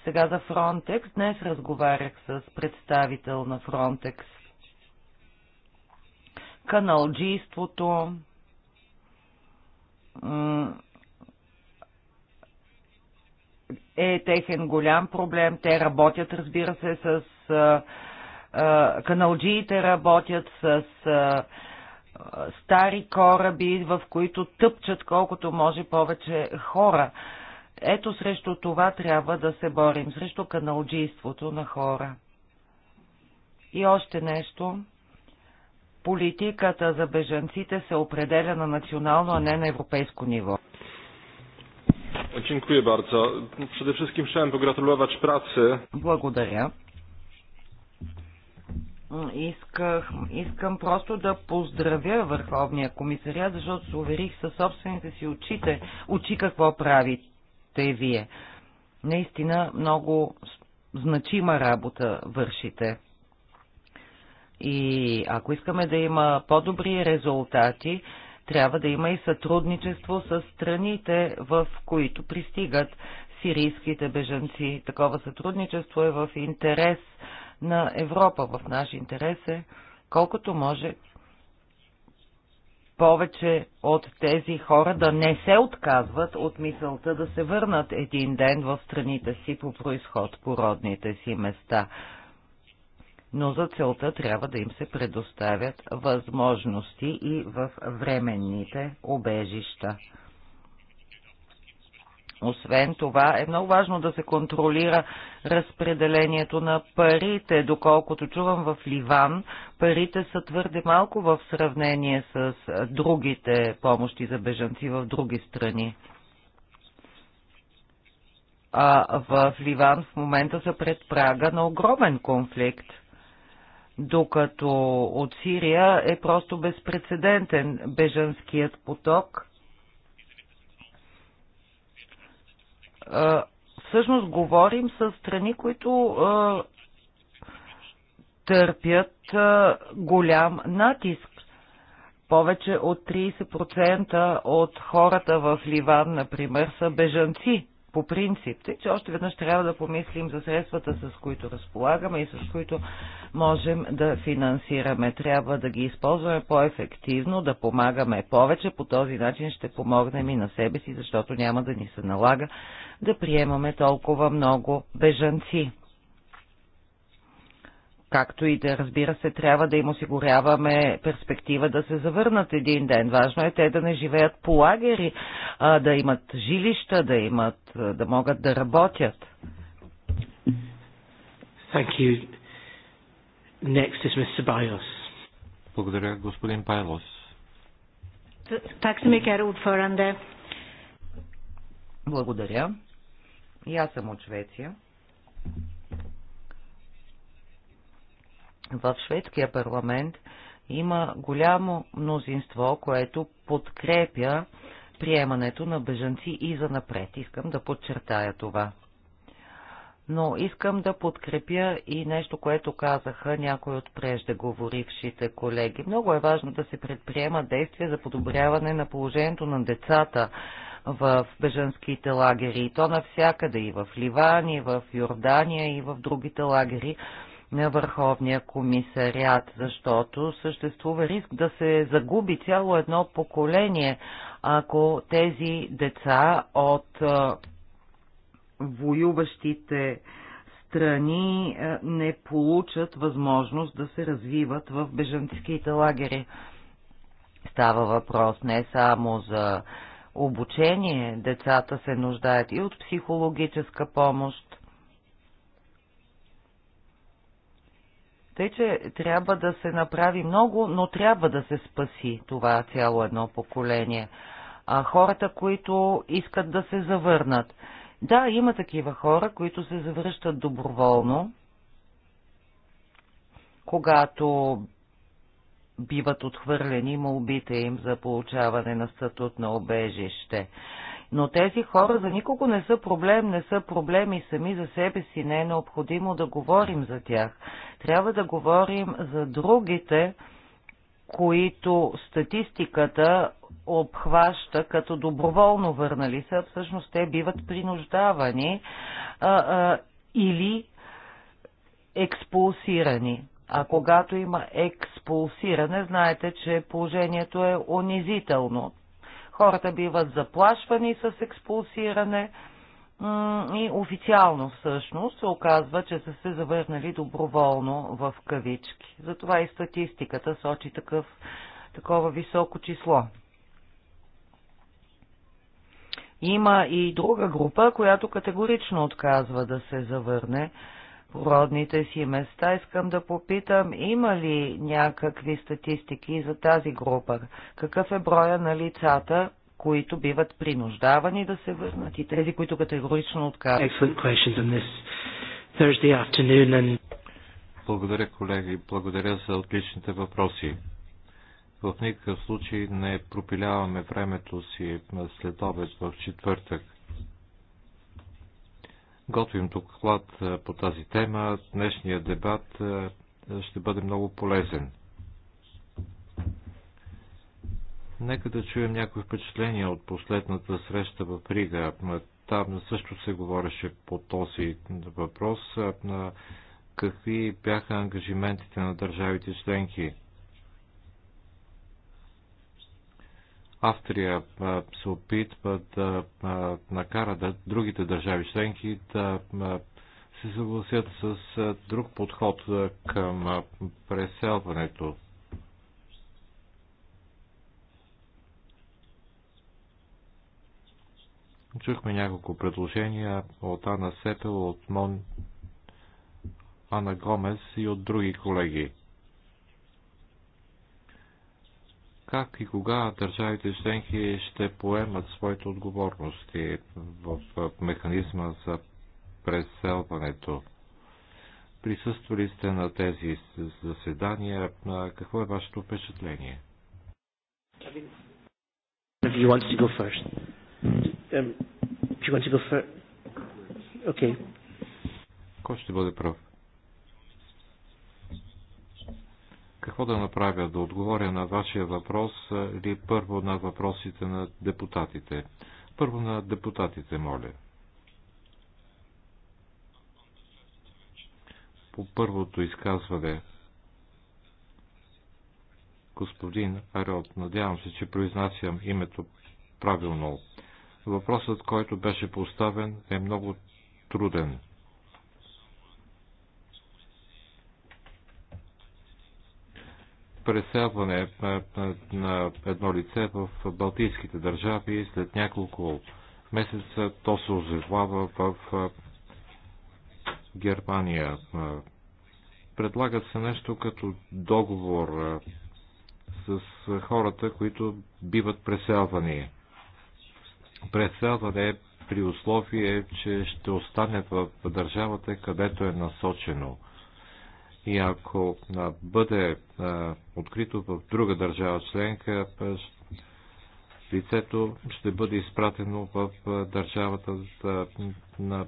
Сега за Фронтекс. Днес разговарях с представител на Фронтекс каналджийството, е техен голям проблем. Те работят, разбира се, с каналджиите работят с стари кораби, в които тъпчат колкото може повече хора. Ето срещу това трябва да се борим, срещу каналджийството на хора. И още нещо политиката за бежанците се определя на национално, а не на европейско ниво. Dziękuję bardzo. Przede wszystkim chciałem pogratulować pracy. Благодаря. Исках, искам просто да поздравя Върховния комисаря, защото се уверих със собствените си очите, очи какво правите вие. Наистина много значима работа вършите. И ако искаме да има по-добри резултати, трябва да има и сътрудничество с страните, в които пристигат сирийските бежанци. Такова сътрудничество е в интерес на Европа. В наш интерес е колкото може повече от тези хора да не се отказват от мисълта да се върнат един ден в страните си по происход, по родните си места но за целта трябва да им се предоставят възможности и в временните обежища. Освен това е много важно да се контролира разпределението на парите. Доколкото чувам в Ливан, парите са твърде малко в сравнение с другите помощи за бежанци в други страни. А в Ливан в момента са пред прага на огромен конфликт докато от Сирия е просто безпредседентен бежанският поток. Всъщност говорим с страни, които търпят голям натиск. Повече от 30% от хората в Ливан, например, са бежанци по принцип, тъй че още веднъж трябва да помислим за средствата, с които разполагаме и с които можем да финансираме. Трябва да ги използваме по-ефективно, да помагаме повече. По този начин ще помогнем и на себе си, защото няма да ни се налага да приемаме толкова много бежанци както и да разбира се, трябва да им осигуряваме перспектива да се завърнат един ден. Важно е те да не живеят по лагери, а да имат жилища, да имат, да могат да работят. Thank you. Next is Mr. Bios. Благодаря, господин Пайлос. Так се Благодаря. И аз съм от Швеция в шведския парламент има голямо мнозинство, което подкрепя приемането на бежанци и за напред. Искам да подчертая това. Но искам да подкрепя и нещо, което казаха някои от преждеговорившите колеги. Много е важно да се предприема действия за подобряване на положението на децата в бежанските лагери. И то навсякъде, и в Ливан, и в Йордания, и в другите лагери на Върховния комисариат, защото съществува риск да се загуби цяло едно поколение, ако тези деца от воюващите страни не получат възможност да се развиват в бежанските лагери. Става въпрос не само за обучение, децата се нуждаят и от психологическа помощ, Тъй, че трябва да се направи много, но трябва да се спаси това цяло едно поколение. А хората, които искат да се завърнат. Да, има такива хора, които се завръщат доброволно, когато биват отхвърлени молбите им за получаване на статут на обежище. Но тези хора за никого не са проблем, не са проблеми сами за себе си, не е необходимо да говорим за тях. Трябва да говорим за другите, които статистиката обхваща като доброволно върнали са, всъщност те биват принуждавани а, а, или експулсирани. А когато има експулсиране, знаете, че положението е унизително. Хората биват заплашвани с експулсиране и официално всъщност се оказва, че са се завърнали доброволно в кавички. Затова и статистиката сочи такъв, такова високо число. Има и друга група, която категорично отказва да се завърне родните си места. Искам да попитам, има ли някакви статистики за тази група? Какъв е броя на лицата, които биват принуждавани да се върнат и тези, които категорично отказват? Благодаря, колеги. Благодаря за отличните въпроси. В никакъв случай не пропиляваме времето си на следобед в четвъртък готвим доклад е, по тази тема. Днешния дебат е, ще бъде много полезен. Нека да чуем някои впечатления от последната среща в Рига. Там също се говореше по този въпрос на какви бяха ангажиментите на държавите членки Австрия се опитва да накара да другите държави членки да се съгласят с друг подход към преселването. Чухме няколко предложения от Ана Сепел, от Мон Ана Гомес и от други колеги. как и кога държавите членки ще поемат своите отговорности в механизма за преселването. Присъствали сте на тези заседания. Какво е вашето впечатление? Um, Кой ще бъде прав? какво да направя, да отговоря на вашия въпрос или първо на въпросите на депутатите. Първо на депутатите, моля. По първото изказване, господин Ариот, надявам се, че произнасям името правилно. Въпросът, който беше поставен, е много труден. пресяване е, е, на едно лице в Балтийските държави след няколко месеца то се оживлава в е, Германия. Предлага се нещо като договор с хората, които биват преселвани. Преселване при условие, че ще остане в държавата, където е насочено – и ако бъде открито в друга държава членка, лицето ще бъде изпратено в държавата на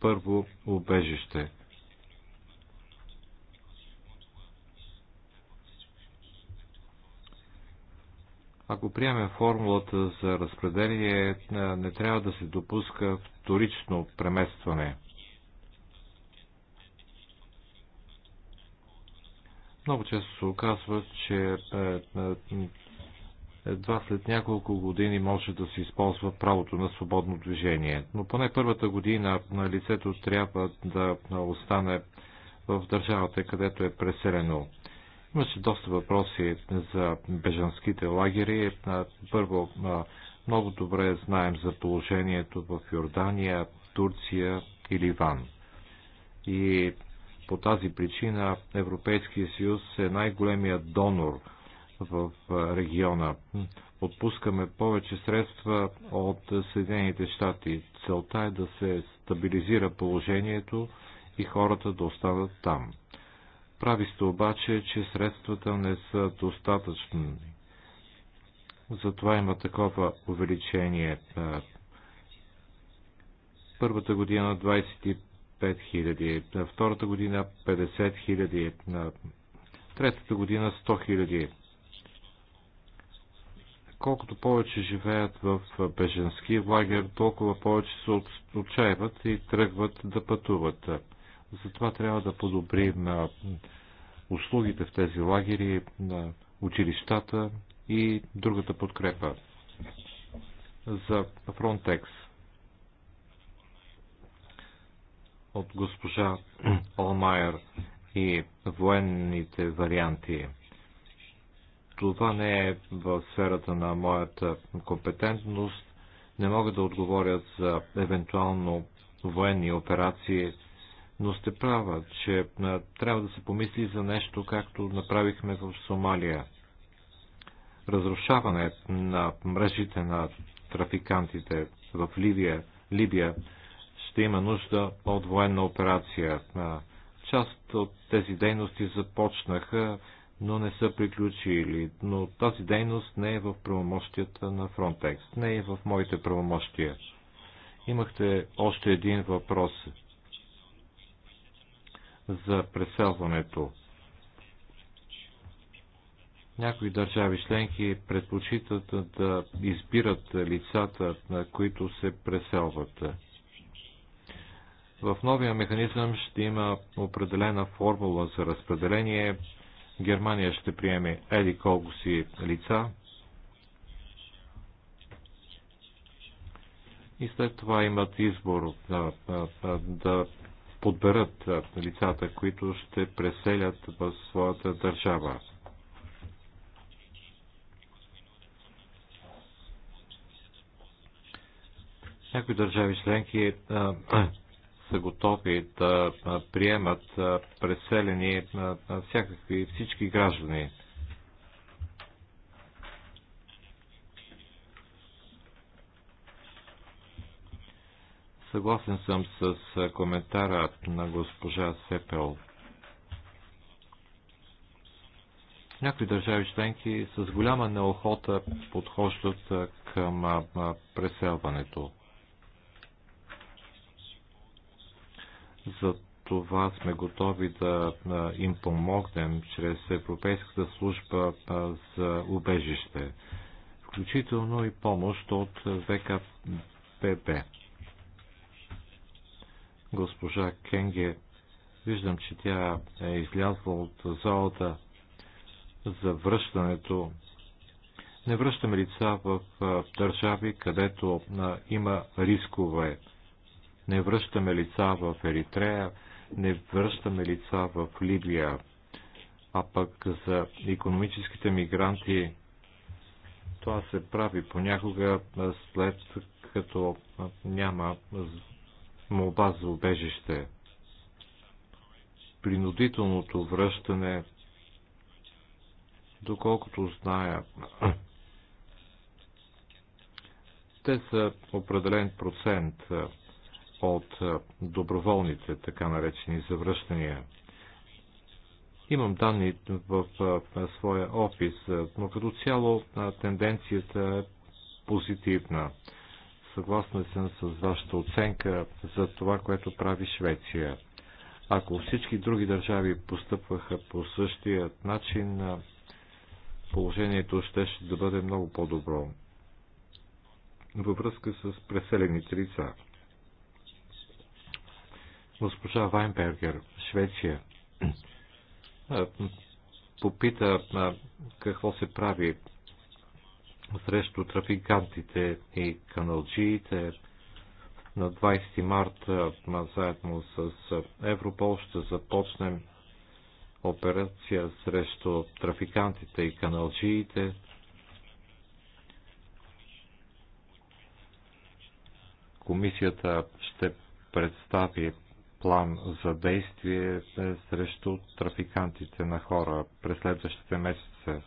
първо убежище. Ако приемем формулата за разпределение, не трябва да се допуска вторично преместване – Много често се оказва, че е, е, е, едва след няколко години може да се използва правото на свободно движение. Но поне първата година на лицето трябва да остане в държавата, където е преселено. Имаше доста въпроси за бежанските лагери. Първо, много добре знаем за положението в Йордания, Турция и Ливан. И по тази причина Европейския съюз е най големият донор в региона. Отпускаме повече средства от Съединените щати. Целта е да се стабилизира положението и хората да останат там. Прави сте обаче, че средствата не са достатъчни. Затова има такова увеличение. Първата година 25 5000, втората година 50 000, на третата година 100 000. Колкото повече живеят в беженски лагер, толкова повече се отчаиват и тръгват да пътуват. Затова трябва да подобрим на услугите в тези лагери, на училищата и другата подкрепа за Frontex. от госпожа Олмайер и военните варианти. Това не е в сферата на моята компетентност. Не мога да отговоря за евентуално военни операции, но сте права, че трябва да се помисли за нещо, както направихме в Сомалия. Разрушаване на мрежите на трафикантите в Ливия, Либия ще има нужда от военна операция. Част от тези дейности започнаха, но не са приключили. Но тази дейност не е в правомощията на Frontex, не е в моите правомощия. Имахте още един въпрос за преселването. Някои държави членки предпочитат да избират лицата, на които се преселват. В новия механизъм ще има определена формула за разпределение. Германия ще приеме еди колко си лица. И след това имат избор да, да подберат лицата, които ще преселят в своята държава. Някои държави членки са готови да приемат преселени на всякакви всички граждани. Съгласен съм с коментара на госпожа Сепел. Някои държави членки с голяма неохота подхождат към преселването. За това сме готови да им помогнем чрез Европейската служба за убежище, включително и помощ от ВКПБ. Госпожа Кенге, виждам, че тя е излязла от залата за връщането. Не връщаме лица в държави, където има рискове не връщаме лица в Еритрея, не връщаме лица в Либия. А пък за економическите мигранти това се прави понякога след като няма молба за убежище. Принудителното връщане, доколкото зная, те са определен процент от доброволните, така наречени завръщания. Имам данни в своя офис, но като цяло тенденцията е позитивна. Съгласна съм с вашата оценка за това, което прави Швеция. Ако всички други държави постъпваха по същия начин, положението ще, ще да бъде много по-добро. Във връзка с преселените лица. Госпожа Вайнбергер, Швеция, попита какво се прави срещу трафикантите и каналджиите. На 20 марта заедно с Европол ще започнем операция срещу трафикантите и каналджиите. Комисията ще представи план за действие е, срещу трафикантите на хора през следващите месеца.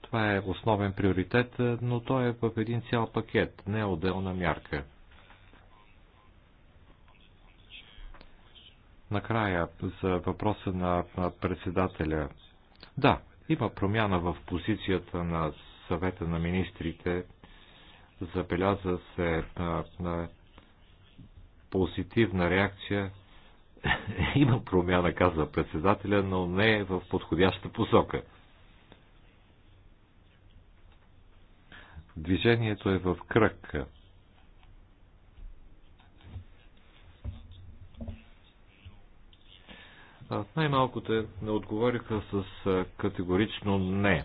Това е основен приоритет, е, но той е в един цял пакет, не е отделна мярка. Накрая, за въпроса на председателя. Да, има промяна в позицията на съвета на министрите. Забеляза се на позитивна реакция Има промяна, казва председателя, но не в подходяща посока. Движението е в кръг. Най-малкото е, не отговориха с категорично не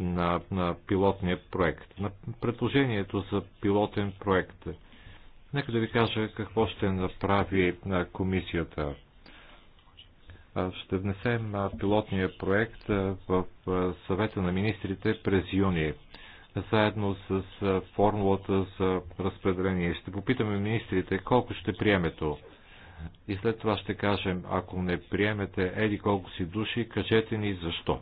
на, на пилотния проект. На предложението за пилотен проект – Нека да ви кажа какво ще направи на комисията. Ще внесем пилотния проект в съвета на министрите през юни, заедно с формулата за разпределение. Ще попитаме министрите колко ще приемето. И след това ще кажем, ако не приемете еди колко си души, кажете ни защо.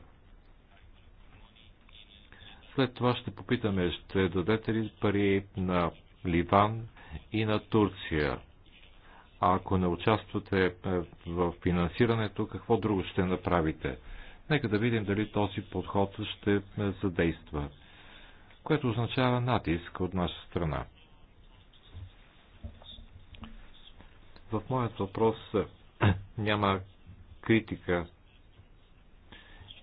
След това ще попитаме, ще дадете ли пари на Ливан, и на Турция. А ако не участвате е, в финансирането, какво друго ще направите? Нека да видим дали този подход ще е, задейства, което означава натиск от наша страна. В моят въпрос е, няма критика.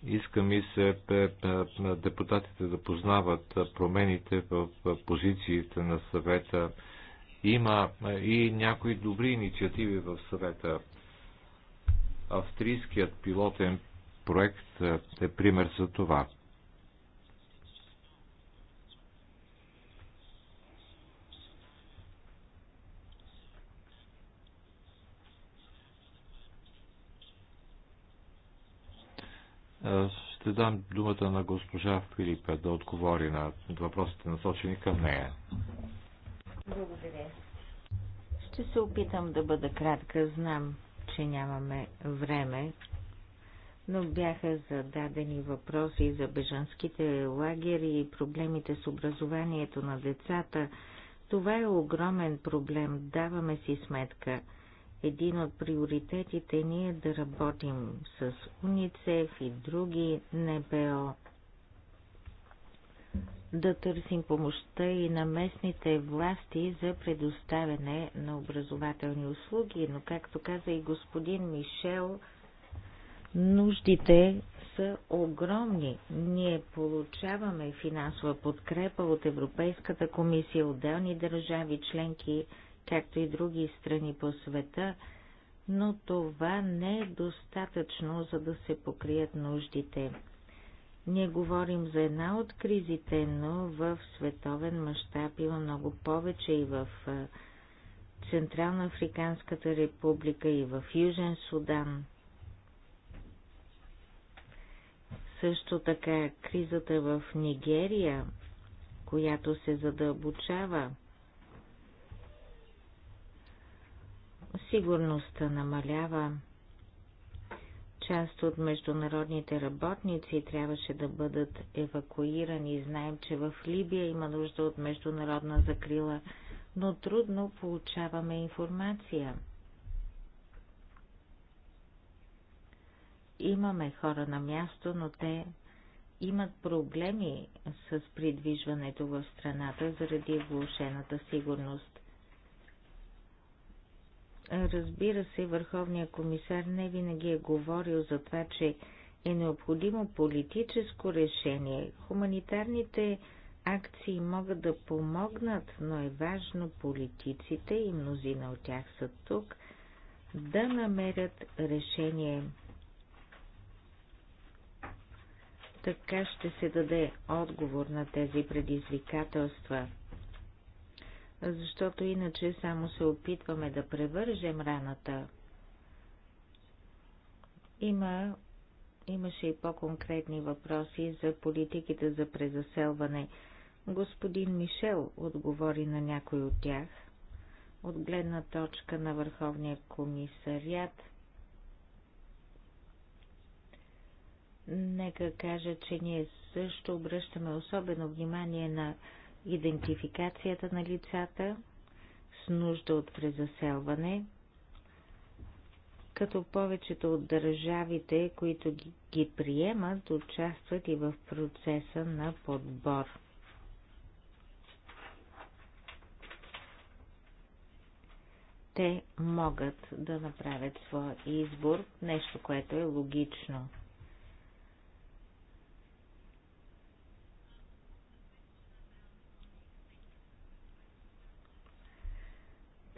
Искам и се депутатите да познават промените в позициите на съвета има е, и някои добри инициативи в съвета. Австрийският пилотен проект е, е пример за това. Ще дам думата на госпожа Филипа да отговори на въпросите насочени към нея. Благодаря. Ще се опитам да бъда кратка. Знам, че нямаме време, но бяха зададени въпроси за бежанските лагери и проблемите с образованието на децата. Това е огромен проблем, даваме си сметка. Един от приоритетите ни е да работим с УНИЦЕФ и други НПО да търсим помощта и на местните власти за предоставяне на образователни услуги, но както каза и господин Мишел, нуждите са огромни. Ние получаваме финансова подкрепа от Европейската комисия, отделни държави, членки, както и други страни по света, но това не е достатъчно, за да се покрият нуждите. Ние говорим за една от кризите, но в световен мащаб има много повече и в Централна Африканската република и в Южен Судан. Също така кризата в Нигерия, която се задълбочава. Сигурността намалява. Част от международните работници трябваше да бъдат евакуирани. Знаем, че в Либия има нужда от международна закрила, но трудно получаваме информация. Имаме хора на място, но те имат проблеми с придвижването в страната заради влушената сигурност. Разбира се, Върховният комисар не винаги е говорил за това, че е необходимо политическо решение. Хуманитарните акции могат да помогнат, но е важно политиците и мнозина от тях са тук да намерят решение. Така ще се даде отговор на тези предизвикателства защото иначе само се опитваме да превържем раната. Има, имаше и по-конкретни въпроси за политиките за презаселване. Господин Мишел отговори на някой от тях. От гледна точка на Върховния комисариат, нека кажа, че ние също обръщаме особено внимание на идентификацията на лицата с нужда от презаселване, като повечето от държавите, които ги, ги приемат, участват и в процеса на подбор. Те могат да направят своя избор, нещо, което е логично.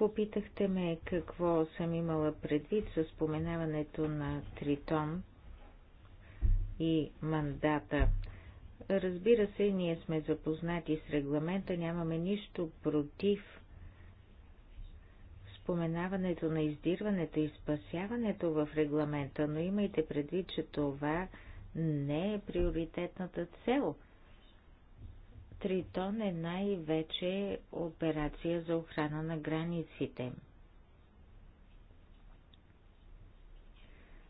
Попитахте ме какво съм имала предвид с споменаването на Тритон и мандата. Разбира се, ние сме запознати с регламента, нямаме нищо против споменаването на издирването и спасяването в регламента, но имайте предвид, че това не е приоритетната цел Тритон е най-вече операция за охрана на границите.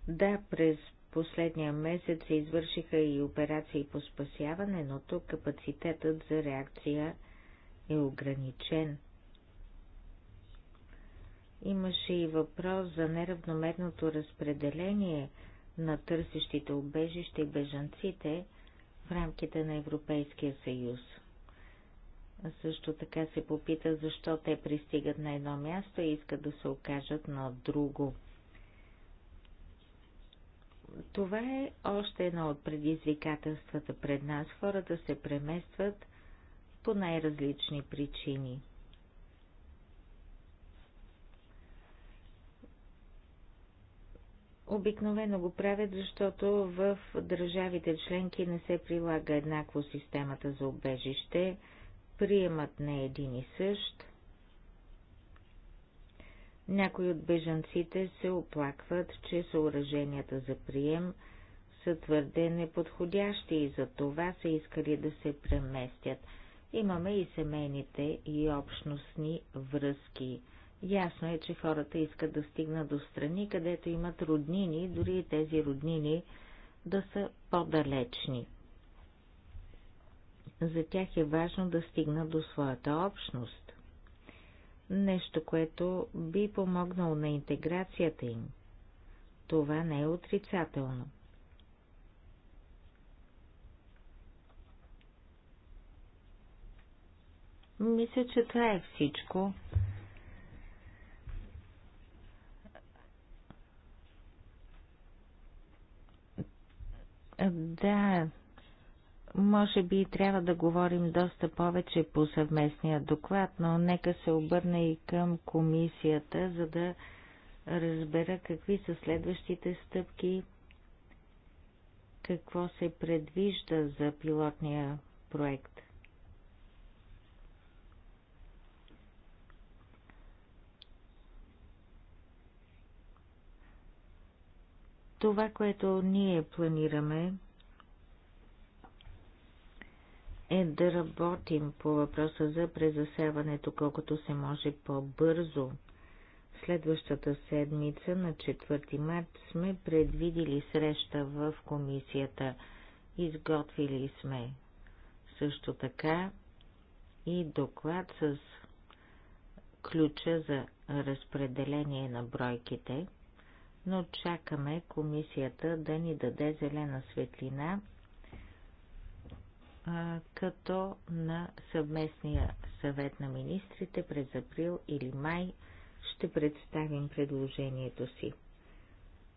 Да, през последния месец се извършиха и операции по спасяване, но тук капацитетът за реакция е ограничен. Имаше и въпрос за неравномерното разпределение на търсещите убежище и бежанците в рамките на Европейския съюз. Също така се попита, защо те пристигат на едно място и искат да се окажат на друго. Това е още едно от предизвикателствата пред нас. Хората се преместват по най-различни причини – Обикновено го правят, защото в държавите членки не се прилага еднакво системата за обежище, приемат не е един и същ. Някои от бежанците се оплакват, че съоръженията за прием са твърде неподходящи и за това са искали да се преместят. Имаме и семейните и общностни връзки – Ясно е, че хората искат да стигнат до страни, където имат роднини, дори и тези роднини да са по-далечни. За тях е важно да стигнат до своята общност. Нещо, което би помогнало на интеграцията им. Това не е отрицателно. Мисля, че това е всичко. Да, може би трябва да говорим доста повече по съвместния доклад, но нека се обърна и към комисията, за да разбера какви са следващите стъпки, какво се предвижда за пилотния проект. Това, което ние планираме е да работим по въпроса за презасяването колкото се може по-бързо. Следващата седмица на 4 март сме предвидили среща в комисията. Изготвили сме също така и доклад с ключа за разпределение на бройките – но чакаме комисията да ни даде зелена светлина като на съвместния съвет на министрите през април или май ще представим предложението си.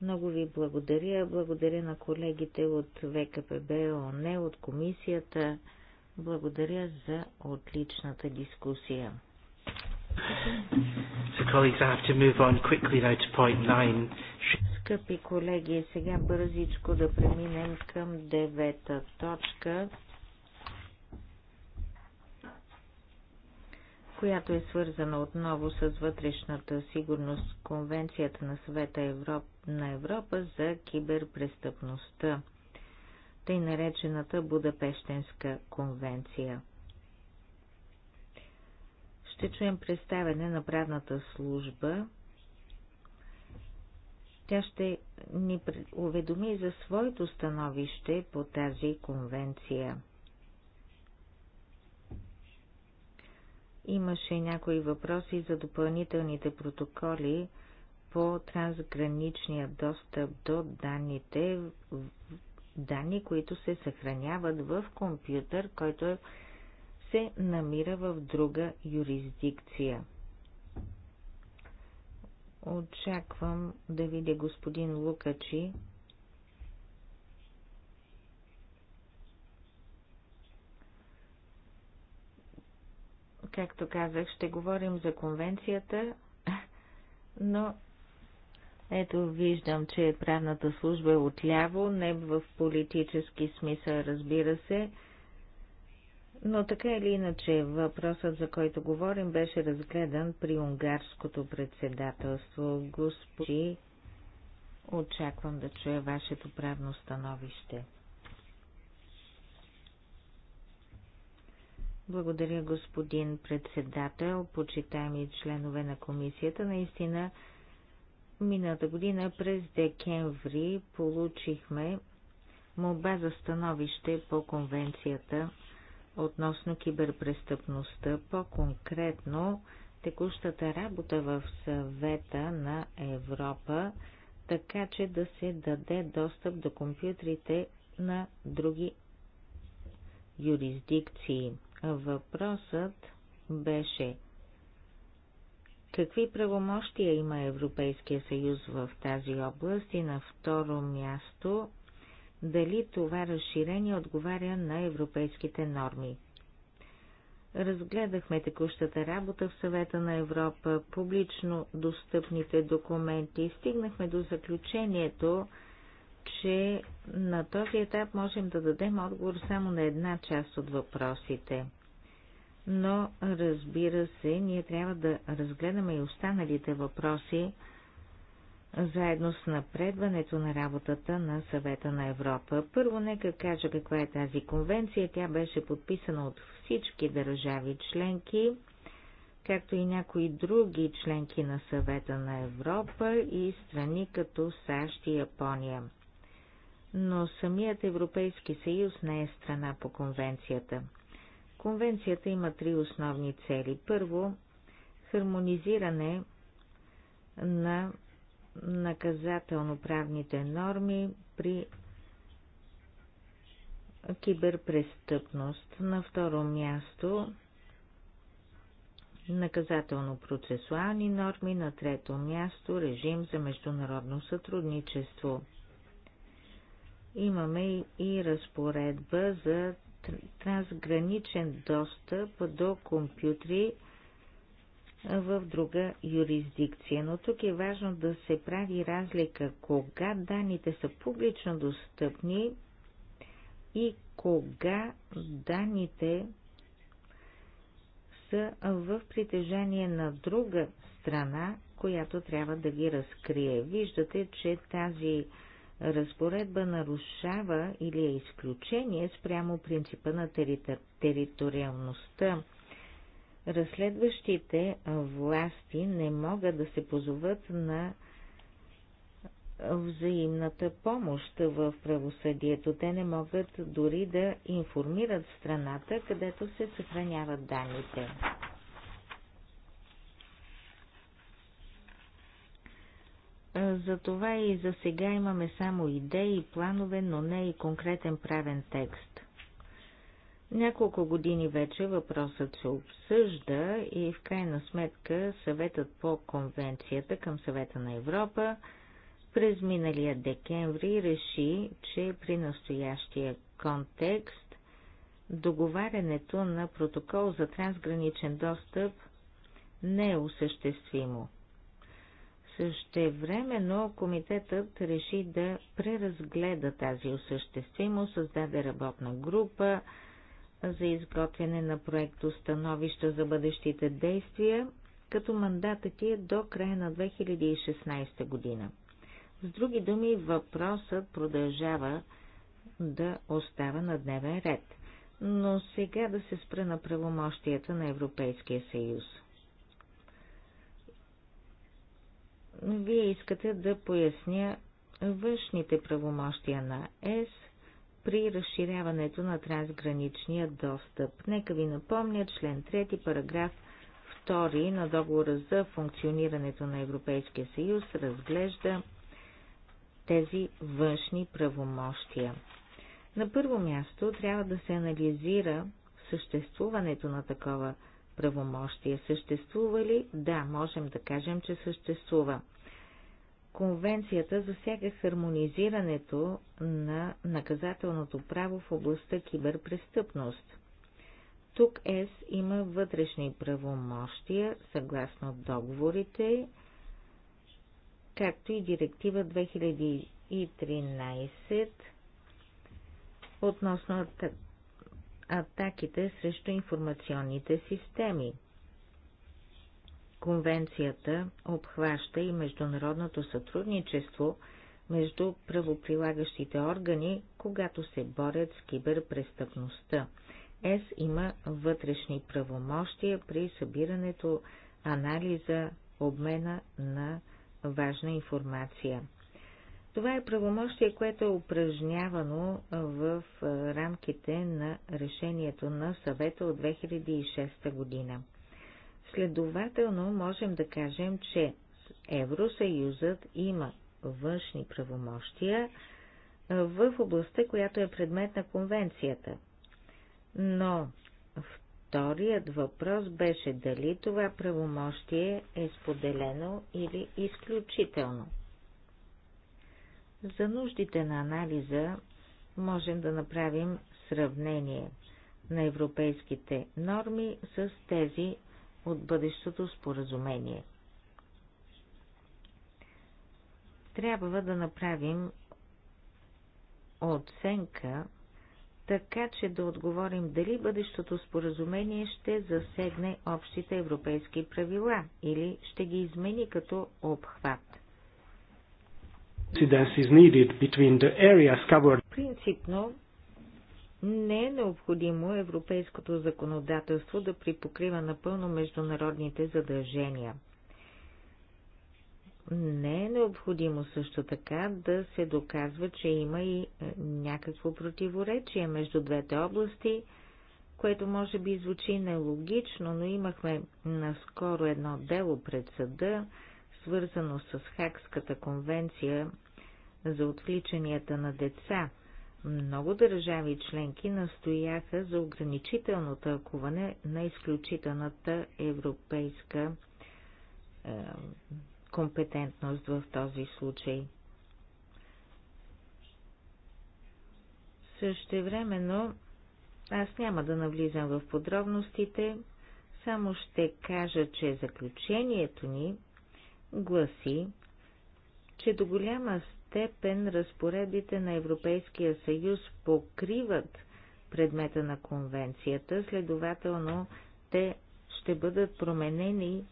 Много ви благодаря. Благодаря на колегите от ВКПБ, ОНЕ, от комисията. Благодаря за отличната дискусия. Скъпи колеги, сега бързичко да преминем към девета точка, която е свързана отново с вътрешната сигурност Конвенцията на Съвета Европ... на Европа за киберпрестъпността, тъй наречената Будапештенска конвенция ще чуем представене на правната служба. Тя ще ни уведоми за своето становище по тази конвенция. Имаше някои въпроси за допълнителните протоколи по трансграничния достъп до данните, данни, които се съхраняват в компютър, който е се намира в друга юрисдикция. Очаквам да видя господин Лукачи. Както казах, ще говорим за конвенцията, но ето виждам, че правната служба е отляво, не в политически смисъл, разбира се. Но така или иначе, въпросът, за който говорим, беше разгледан при унгарското председателство. Господи, очаквам да чуя вашето правно становище. Благодаря, господин председател, почитаеми членове на комисията. Наистина, миналата година през декември получихме молба за становище по конвенцията относно киберпрестъпността, по-конкретно текущата работа в съвета на Европа, така че да се даде достъп до компютрите на други юрисдикции. Въпросът беше какви правомощия има Европейския съюз в тази област и на второ място дали това разширение отговаря на европейските норми. Разгледахме текущата работа в съвета на Европа, публично достъпните документи и стигнахме до заключението, че на този етап можем да дадем отговор само на една част от въпросите. Но, разбира се, ние трябва да разгледаме и останалите въпроси, заедно с напредването на работата на Съвета на Европа. Първо нека кажа каква е тази конвенция. Тя беше подписана от всички държави членки, както и някои други членки на Съвета на Европа и страни като САЩ и Япония. Но самият Европейски съюз не е страна по конвенцията. Конвенцията има три основни цели. Първо, хармонизиране на наказателно-правните норми при киберпрестъпност. На второ място наказателно-процесуални норми, на трето място режим за международно сътрудничество. Имаме и разпоредба за трансграничен достъп до компютри в друга юрисдикция. Но тук е важно да се прави разлика кога данните са публично достъпни и кога данните са в притежание на друга страна, която трябва да ги разкрие. Виждате, че тази разпоредба нарушава или е изключение спрямо принципа на територи... териториалността разследващите власти не могат да се позоват на взаимната помощ в правосъдието. Те не могат дори да информират страната, където се съхраняват данните. Затова и за сега имаме само идеи и планове, но не и конкретен правен текст. Няколко години вече въпросът се обсъжда и в крайна сметка съветът по конвенцията към съвета на Европа през миналия декември реши, че при настоящия контекст договарянето на протокол за трансграничен достъп не е осъществимо. Също но комитетът реши да преразгледа тази осъществимост, създаде работна група, за изготвяне на проекто становища за бъдещите действия, като мандатът ти е до края на 2016 година. С други думи, въпросът продължава да остава на дневен ред, но сега да се спра на правомощията на Европейския съюз. Вие искате да поясня външните правомощия на ЕС при разширяването на трансграничния достъп. Нека ви напомня член 3, параграф 2 на договора за функционирането на Европейския съюз разглежда тези външни правомощия. На първо място трябва да се анализира съществуването на такова правомощие. Съществува ли? Да, можем да кажем, че съществува. Конвенцията засяга хармонизирането на наказателното право в областта киберпрестъпност. Тук ЕС има вътрешни правомощия, съгласно договорите, както и директива 2013 относно атаките срещу информационните системи. Конвенцията обхваща и международното сътрудничество между правоприлагащите органи, когато се борят с киберпрестъпността. ЕС има вътрешни правомощия при събирането, анализа, обмена на важна информация. Това е правомощие, което е упражнявано в рамките на решението на съвета от 2006 година. Следователно можем да кажем, че Евросъюзът има външни правомощия в областта, която е предмет на конвенцията. Но вторият въпрос беше дали това правомощие е споделено или изключително. За нуждите на анализа можем да направим сравнение на европейските норми с тези от бъдещото споразумение. Трябва да направим оценка, така че да отговорим дали бъдещото споразумение ще засегне общите европейски правила или ще ги измени като обхват. Принципно не е необходимо европейското законодателство да припокрива напълно международните задължения. Не е необходимо също така да се доказва, че има и е, някакво противоречие между двете области, което може би звучи нелогично, но имахме наскоро едно дело пред съда, свързано с Хакската конвенция за отвличанията на деца. Много държави членки настояха за ограничително тълкуване на изключителната европейска е, компетентност в този случай. Същевременно аз няма да навлизам в подробностите, само ще кажа, че заключението ни гласи, че до голяма степен разпоредбите на Европейския съюз покриват предмета на конвенцията, следователно те ще бъдат променени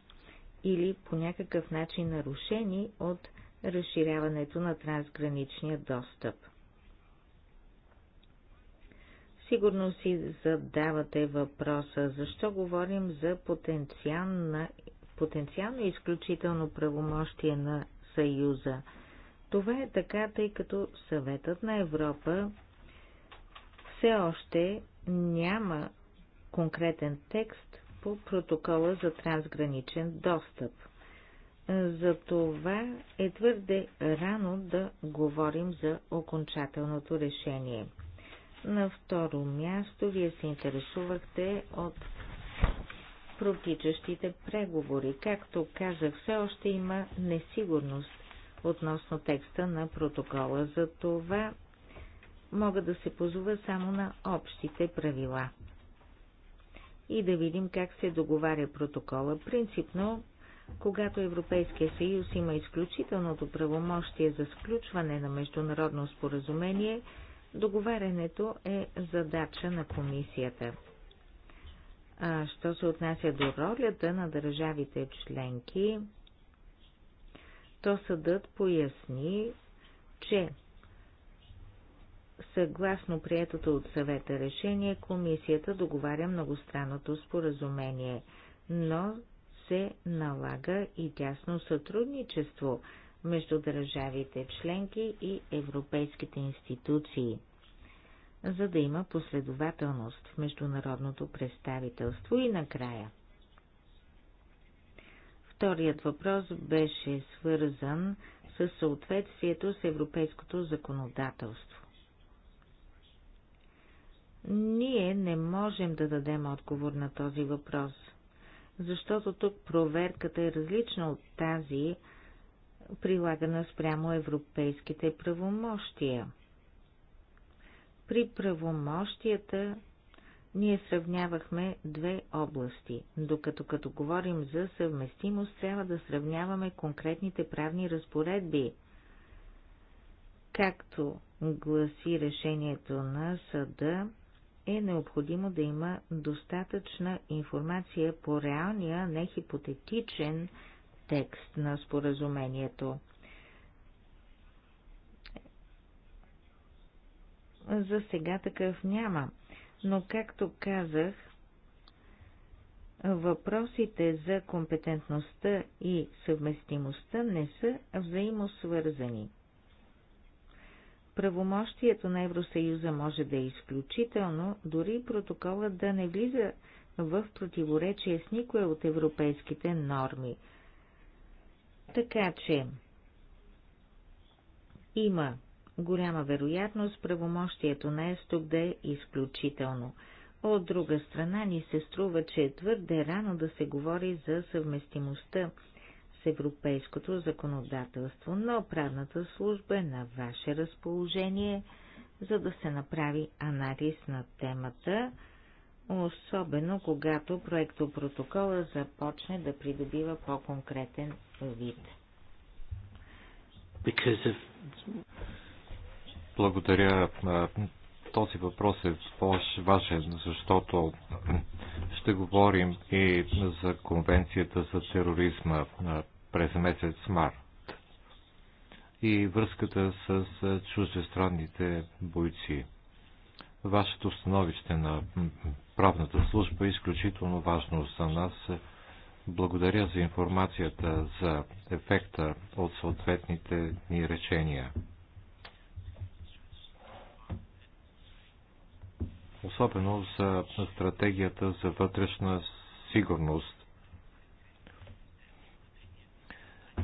или по някакъв начин нарушени от разширяването на трансграничния достъп. Сигурно си задавате въпроса, защо говорим за потенциално изключително правомощие на Съюза – това е така, тъй като съветът на Европа все още няма конкретен текст по протокола за трансграничен достъп. За това е твърде рано да говорим за окончателното решение. На второ място вие се интересувахте от протичащите преговори. Както казах, все още има несигурност относно текста на протокола. За това мога да се позова само на общите правила. И да видим как се договаря протокола. Принципно, когато Европейския съюз има изключителното правомощие за сключване на международно споразумение, договарянето е задача на комисията. А що се отнася до ролята на държавите членки, то съдът поясни, че съгласно приетото от съвета решение, комисията договаря многостранното споразумение, но се налага и тясно сътрудничество между държавите членки и европейските институции, за да има последователност в международното представителство и накрая – Вторият въпрос беше свързан с съответствието с европейското законодателство. Ние не можем да дадем отговор на този въпрос, защото тук проверката е различна от тази, прилагана спрямо европейските правомощия. При правомощията ние сравнявахме две области, докато като говорим за съвместимост, трябва да сравняваме конкретните правни разпоредби. Както гласи решението на съда, е необходимо да има достатъчна информация по реалния, не хипотетичен текст на споразумението. За сега такъв няма но както казах, въпросите за компетентността и съвместимостта не са взаимосвързани. Правомощието на Евросъюза може да е изключително, дори протоколът да не влиза в противоречие с никоя от европейските норми. Така че има голяма вероятност правомощието на ЕС да е изключително. От друга страна ни се струва, че е твърде рано да се говори за съвместимостта с европейското законодателство, но правната служба е на ваше разположение, за да се направи анализ на темата, особено когато проектопротокола започне да придобива по-конкретен вид. Of... Благодаря. Този въпрос е важен, защото ще говорим и за конвенцията за тероризма през месец март и връзката с чуждестранните бойци. Вашето становище на правната служба е изключително важно за нас. Благодаря за информацията за ефекта от съответните ни речения. особено за стратегията за вътрешна сигурност.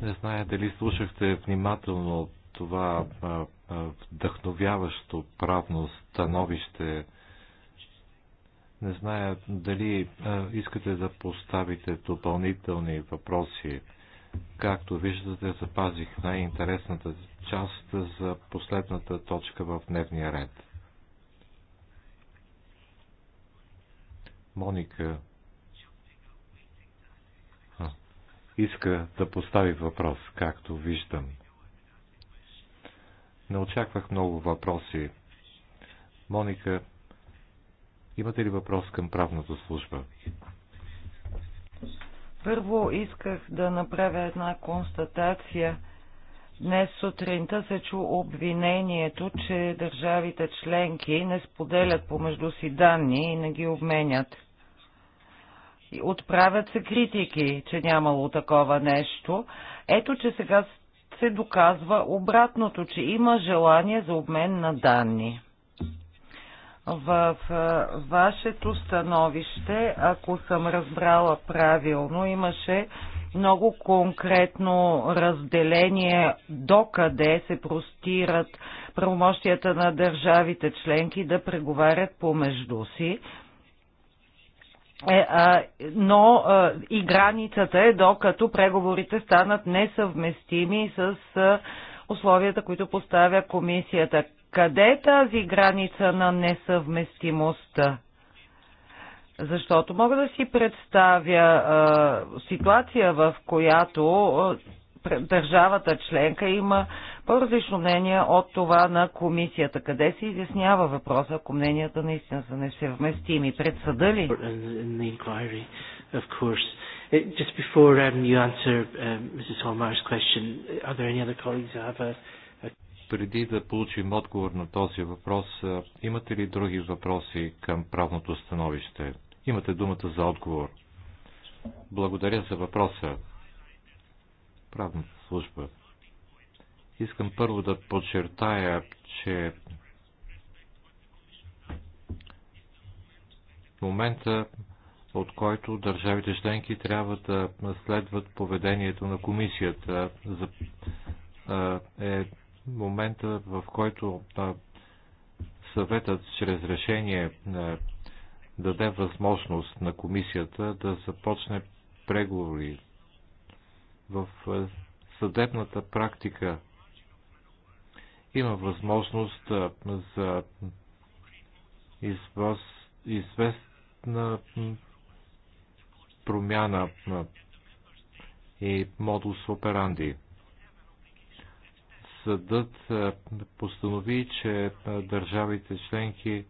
Не зная дали слушахте внимателно това вдъхновяващо правно становище. Не зная дали искате да поставите допълнителни въпроси. Както виждате, запазих най-интересната част за последната точка в дневния ред. Моника а, иска да постави въпрос, както виждам. Не очаквах много въпроси. Моника, имате ли въпрос към правната служба? Първо исках да направя една констатация – Днес сутринта се чу обвинението, че държавите членки не споделят помежду си данни и не ги обменят. Отправят се критики, че нямало такова нещо. Ето, че сега се доказва обратното, че има желание за обмен на данни. В вашето становище, ако съм разбрала правилно, имаше много конкретно разделение докъде се простират правомощията на държавите членки да преговарят помежду си. Е, но и границата е докато преговорите станат несъвместими с условията, които поставя комисията. Къде е тази граница на несъвместимостта? Защото мога да си представя а, ситуация, в която а, държавата членка има по-различно мнение от това на комисията. Къде се изяснява въпроса, ако мненията наистина са несъвместими? Пред съда ли? Just before um, you answer um, Mrs. Holmar's question, are there any other colleagues who have a, a... Преди да получим отговор на този въпрос, имате ли други въпроси към правното становище? Имате думата за отговор. Благодаря за въпроса. Правната служба. Искам първо да подчертая, че момента, от който държавите членки трябва да следват поведението на комисията, е момента, в който съветът чрез решение даде възможност на комисията да започне преговори в е, съдебната практика. Има възможност е, за известна промяна и модус операнди. Съдът е, постанови, че държавите членки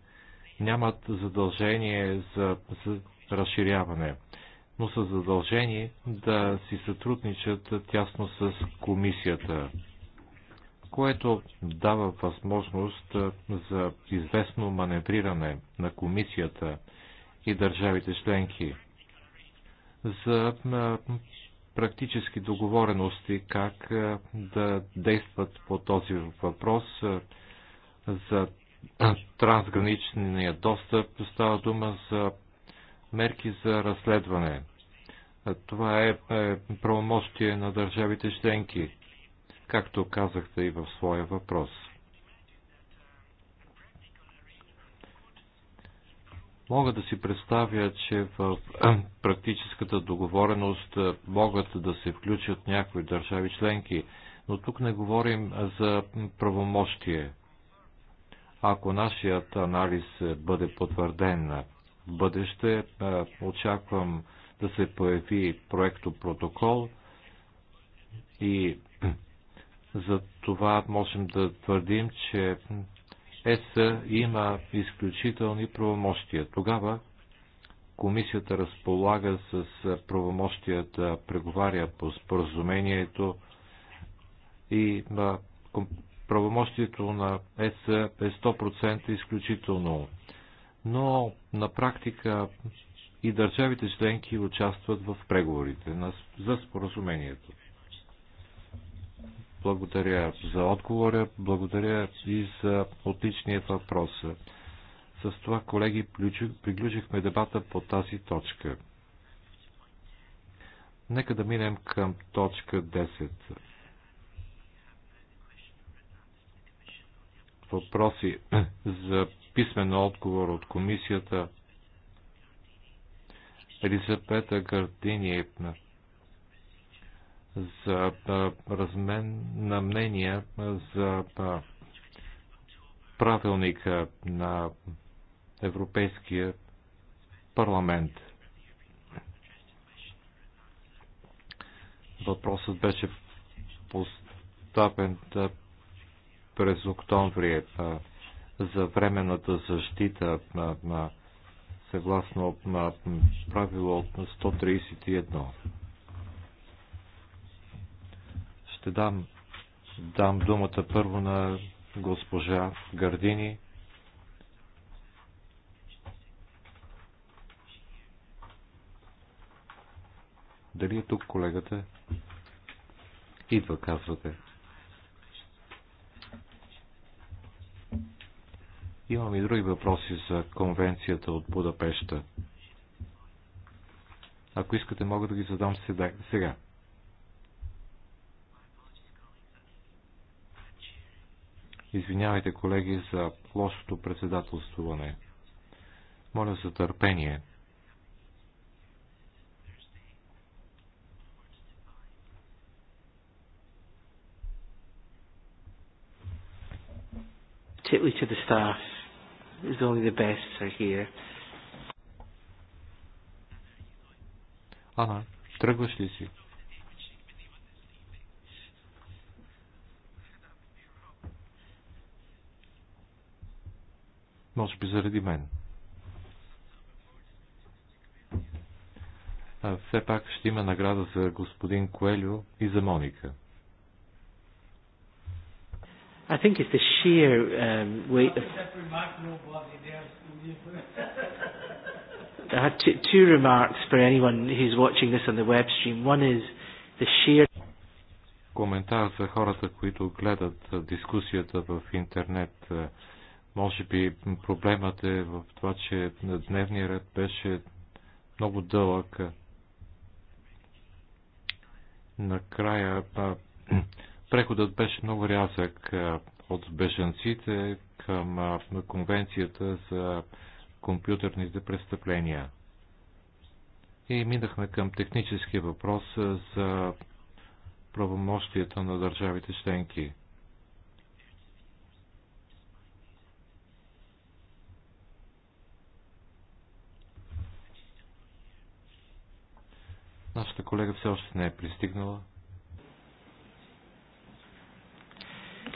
нямат задължение за, за разширяване, но са задължени да си сътрудничат тясно с комисията, което дава възможност за известно маневриране на комисията и държавите членки за практически договорености как да действат по този въпрос за трансграничния достъп става дума за мерки за разследване. Това е, е правомощие на държавите членки, както казахте и в своя въпрос. Мога да си представя, че в практическата договореност могат да се включат някои държави членки, но тук не говорим за правомощие. Ако нашият анализ бъде потвърден в бъдеще, е, очаквам да се появи проекто протокол и за това можем да твърдим, че ЕС има изключителни правомощия. Тогава комисията разполага с правомощия да преговаря по споразумението и правомощието на ЕС е 100% изключително. Но на практика и държавите членки участват в преговорите за споразумението. Благодаря за отговора, благодаря и за отличния въпрос. С това, колеги, приключихме дебата по тази точка. Нека да минем към точка 10. въпроси за писмен отговор от комисията. Елизабета Гардини е, за размен на мнения за правилника на Европейския парламент. Въпросът беше поставен през октомври е, за временната защита съгласно правило 131. Ще дам, дам думата първо на госпожа Гардини. Дали е тук колегата? Идва, казвате. Имам и други въпроси за конвенцията от Будапешта. Ако искате, мога да ги задам сега. Извинявайте, колеги, за лошото председателствуване. Моля за търпение. particularly to the staff is only the best are here. Ана, тръгваш ли си? Може би заради мен. А, все пак ще има награда за господин Коелю и за Моника. I think it's the sheer um, weight of. I had two, two remarks for anyone who's watching this on the web stream. One is the sheer. Коментар за хората, които гледат дискусията в интернет. Може би проблемът е в това, че на дневния ред беше много дълъг. Накрая Преходът беше много рязък от бежанците към конвенцията за компютърните престъпления. И минахме към технически въпрос за правомощията на държавите членки. Нашата колега все още не е пристигнала.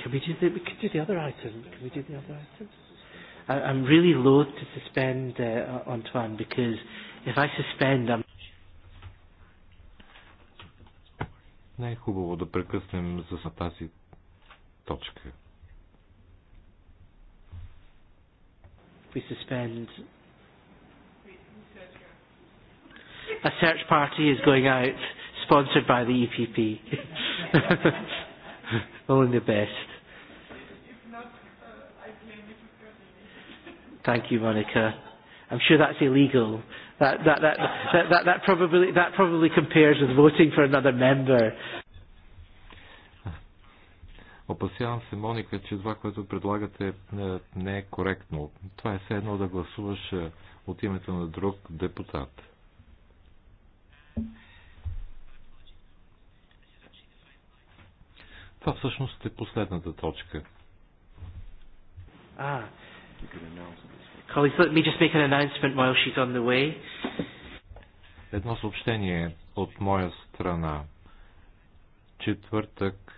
Can we do the, we could do the other item? Can we do the other item? I, I'm really loath to suspend uh, Antoine because if I suspend, I'm Не е хубаво да прекъснем за тази точка. We suspend. A search party is going out, sponsored by the EPP. Only the best. Thank you, Monica. I'm sure that's illegal. That, that, that, that, that, that, probably, that probably compares with voting for another member. Опасявам се, Моника, че това, което предлагате, е, не е коректно. Това е все едно да гласуваш е, от името на друг депутат. Това всъщност е последната точка. А, Colleagues, let me just make an announcement while she's on the way. Едно съобщение от моя страна. Четвъртък,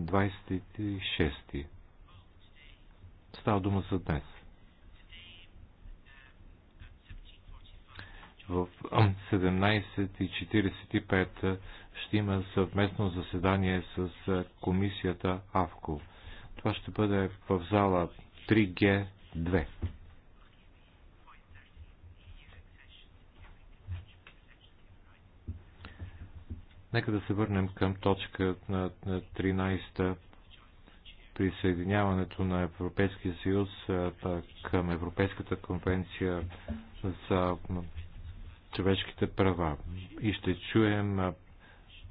26. Е, Става дума за днес. в 17.45 ще има съвместно заседание с е, комисията АВКО. Това ще бъде в зала 3G2. Нека да се върнем към точка на 13 та присъединяването на Европейския съюз към Европейската конвенция за човешките права. И ще чуем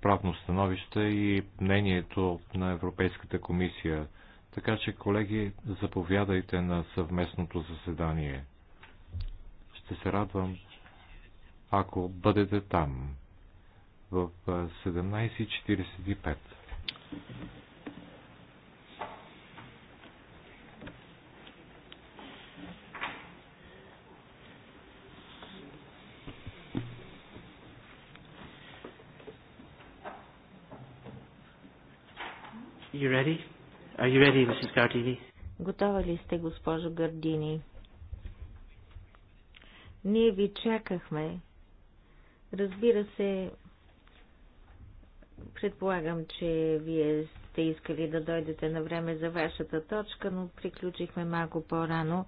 правно становище и мнението на Европейската комисия така че, колеги, заповядайте на съвместното заседание. Ще се радвам, ако бъдете там в 17.45. You ready? Are you ready, Mrs. Gardini? Готова ли сте, госпожо Гардини? Ние ви чакахме. Разбира се, предполагам, че вие сте искали да дойдете на време за вашата точка, но приключихме малко по-рано,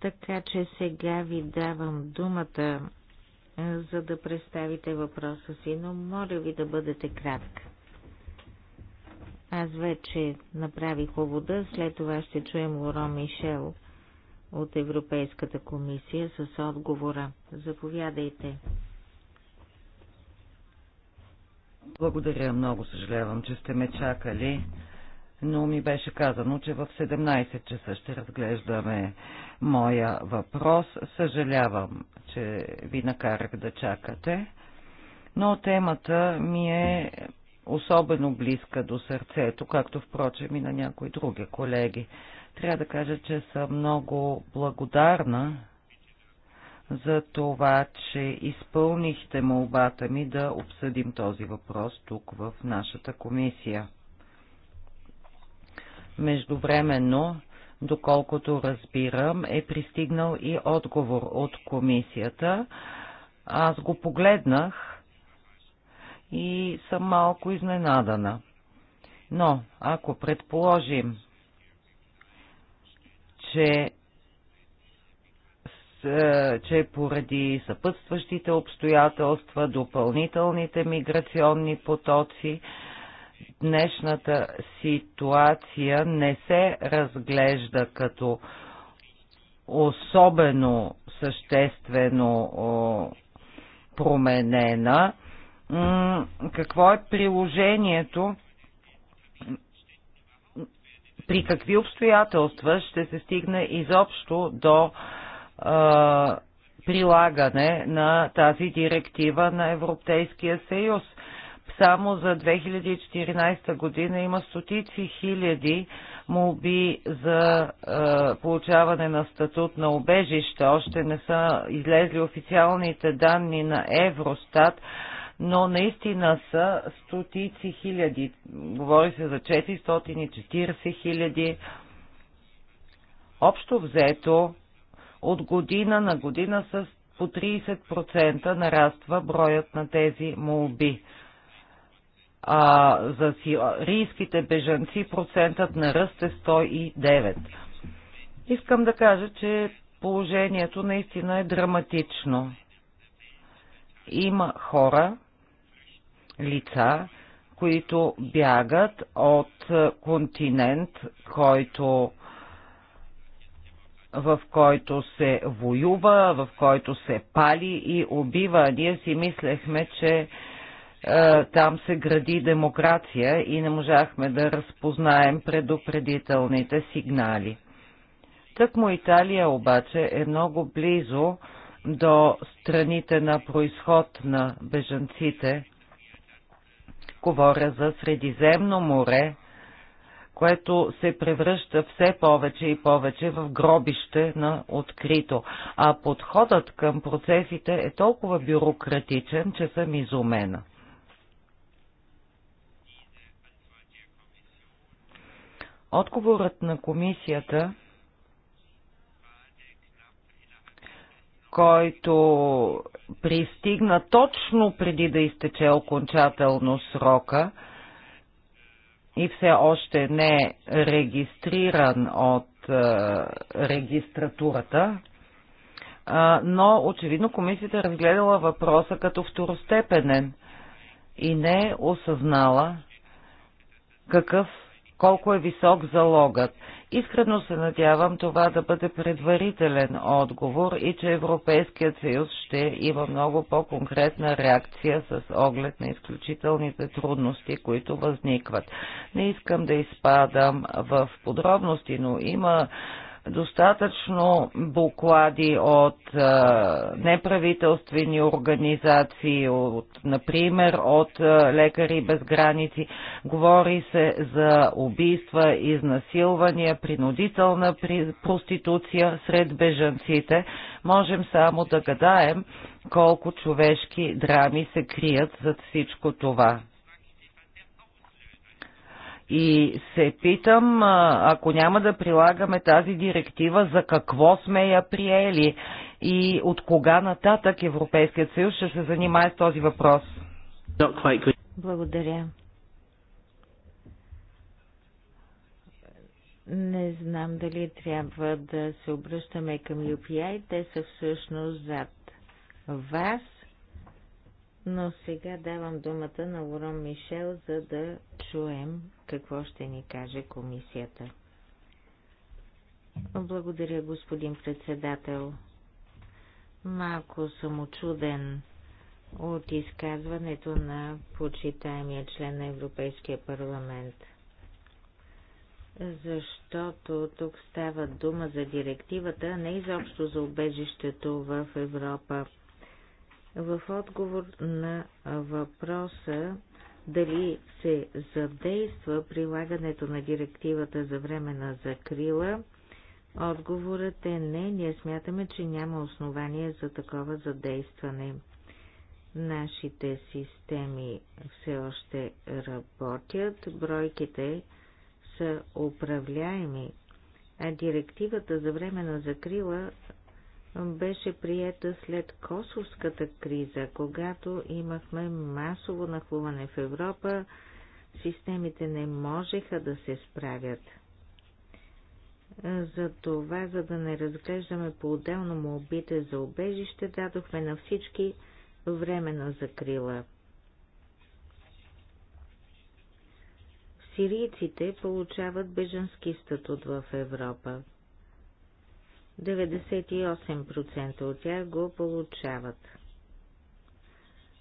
така че сега ви давам думата, за да представите въпроса си, но моля ви да бъдете кратка. Аз вече направих увода, след това ще чуем Лоро Мишел от Европейската комисия с отговора. Заповядайте. Благодаря много, съжалявам, че сте ме чакали, но ми беше казано, че в 17 часа ще разглеждаме моя въпрос. Съжалявам, че ви накарах да чакате, но темата ми е особено близка до сърцето, както впрочем и на някои други колеги. Трябва да кажа, че съм много благодарна за това, че изпълнихте молбата ми да обсъдим този въпрос тук в нашата комисия. Междувременно, доколкото разбирам, е пристигнал и отговор от комисията. Аз го погледнах и съм малко изненадана. Но, ако предположим, че е, че поради съпътстващите обстоятелства, допълнителните миграционни потоци, днешната ситуация не се разглежда като особено съществено променена какво е приложението, при какви обстоятелства ще се стигне изобщо до а, прилагане на тази директива на Европейския съюз. Само за 2014 година има стотици хиляди молби за е, получаване на статут на убежище. Още не са излезли официалните данни на Евростат, но наистина са стотици хиляди. Говори се за 440 хиляди. Общо взето, от година на година с по 30% нараства броят на тези молби. А за сирийските бежанци процентът на ръст е 109. Искам да кажа, че положението наистина е драматично. Има хора, лица, които бягат от континент, който в който се воюва, в който се пали и убива. Ние си мислехме, че е, там се гради демокрация и не можахме да разпознаем предупредителните сигнали. Тъкмо Италия обаче е много близо до страните на происход на бежанците Говоря за Средиземно море, което се превръща все повече и повече в гробище на открито. А подходът към процесите е толкова бюрократичен, че съм изумена. Отговорът на комисията, който пристигна точно преди да изтече окончателно срока и все още не е регистриран от е, регистратурата, но очевидно комисията е разгледала въпроса като второстепенен и не е осъзнала какъв колко е висок залогът. Искрено се надявам това да бъде предварителен отговор и че Европейският съюз ще има много по-конкретна реакция с оглед на изключителните трудности, които възникват. Не искам да изпадам в подробности, но има достатъчно буклади от неправителствени организации, от, например от Лекари без граници. Говори се за убийства, изнасилвания, принудителна проституция сред бежанците. Можем само да гадаем колко човешки драми се крият зад всичко това. И се питам, ако няма да прилагаме тази директива, за какво сме я приели и от кога нататък Европейският съюз ще се занимае с този въпрос? Благодаря. Не знам дали трябва да се обръщаме към UPI. Те са всъщност зад вас но сега давам думата на Лорон Мишел, за да чуем какво ще ни каже комисията. Благодаря, господин председател. Малко съм очуден от изказването на почитаемия член на Европейския парламент. Защото тук става дума за директивата, а не изобщо за убежището в Европа. В отговор на въпроса дали се задейства прилагането на директивата за време на закрила, отговорът е не, ние смятаме, че няма основание за такова задействане. Нашите системи все още работят, бройките са управляеми, а директивата за време на закрила беше приета след косовската криза, когато имахме масово нахлуване в Европа, системите не можеха да се справят. За това, за да не разглеждаме по-отделно молбите за обежище, дадохме на всички времена закрила. Сирийците получават беженски статут в Европа. 98% от тях го получават.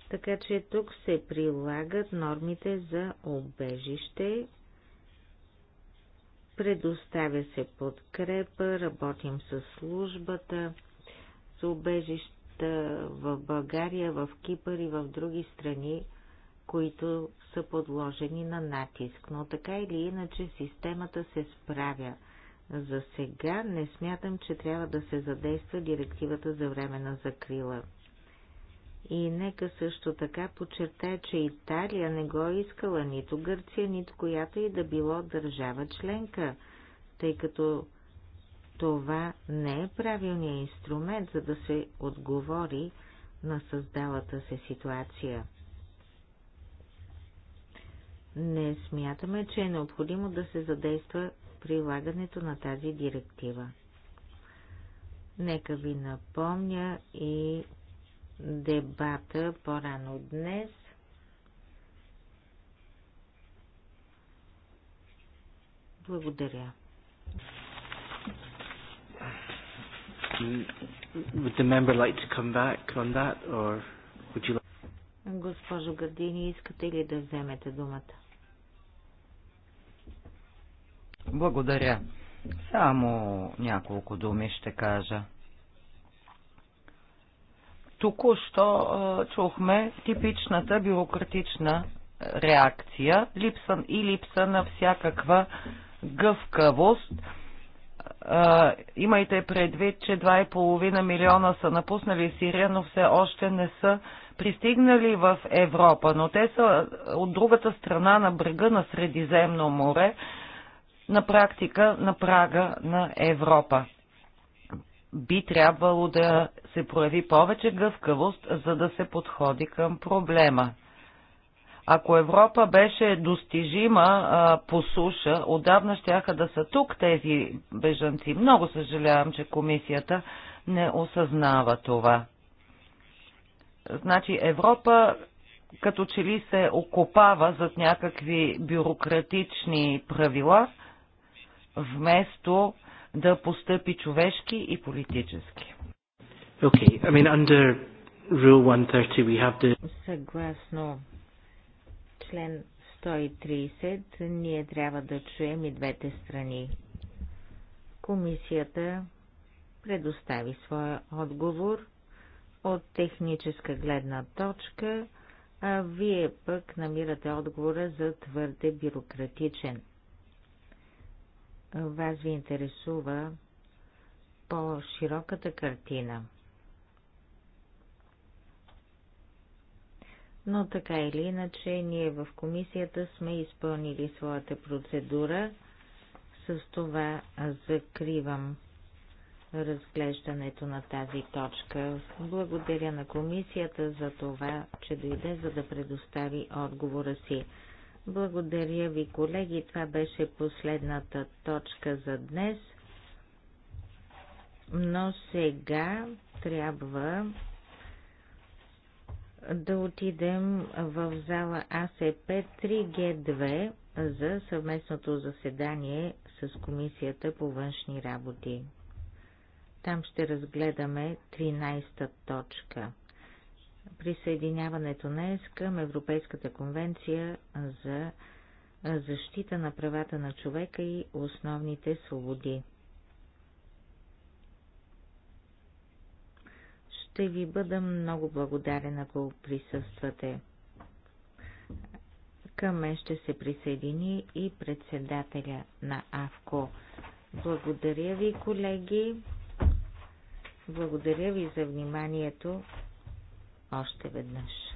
Така че тук се прилагат нормите за обежище, предоставя се подкрепа, работим с службата, с обежища в България, в Кипър и в други страни, които са подложени на натиск, но така или иначе системата се справя – за сега не смятам, че трябва да се задейства директивата за на закрила. И нека също така подчертая, че Италия не го е искала нито Гърция, нито която и да било държава членка, тъй като това не е правилният инструмент, за да се отговори на създалата се ситуация. Не смятаме, че е необходимо да се задейства прилагането на тази директива. Нека ви напомня и дебата по-рано днес Благодаря. Would the member like to come back on that, or would you like... Госпожо Гърдини, искате ли да вземете думата? Благодаря. Само няколко думи ще кажа. Току-що чухме типичната бюрократична реакция липса, и липса на всякаква гъвкавост. А, имайте предвид, че 2,5 милиона са напуснали Сирия, но все още не са пристигнали в Европа, но те са от другата страна на брега на Средиземно море на практика на прага на Европа. Би трябвало да се прояви повече гъвкавост, за да се подходи към проблема. Ако Европа беше достижима а, по суша, отдавна щяха да са тук тези бежанци. Много съжалявам, че комисията не осъзнава това. Значи Европа като че ли се окопава зад някакви бюрократични правила, вместо да постъпи човешки и политически. Okay. I mean, under Rule 130 we have the... Съгласно член 130 ние трябва да чуем и двете страни. Комисията предостави своя отговор от техническа гледна точка, а вие пък намирате отговора за твърде бюрократичен – вас ви интересува по-широката картина. Но така или иначе, ние в комисията сме изпълнили своята процедура. С това закривам разглеждането на тази точка. Благодаря на комисията за това, че дойде, за да предостави отговора си. Благодаря ви, колеги. Това беше последната точка за днес. Но сега трябва да отидем в зала АСП 3G2 за съвместното заседание с Комисията по външни работи. Там ще разгледаме 13-та точка присъединяването на ЕС към Европейската конвенция за защита на правата на човека и основните свободи. Ще ви бъда много благодарен, ако присъствате. Към мен ще се присъедини и председателя на АВКО. Благодаря ви, колеги. Благодаря ви за вниманието още веднъж.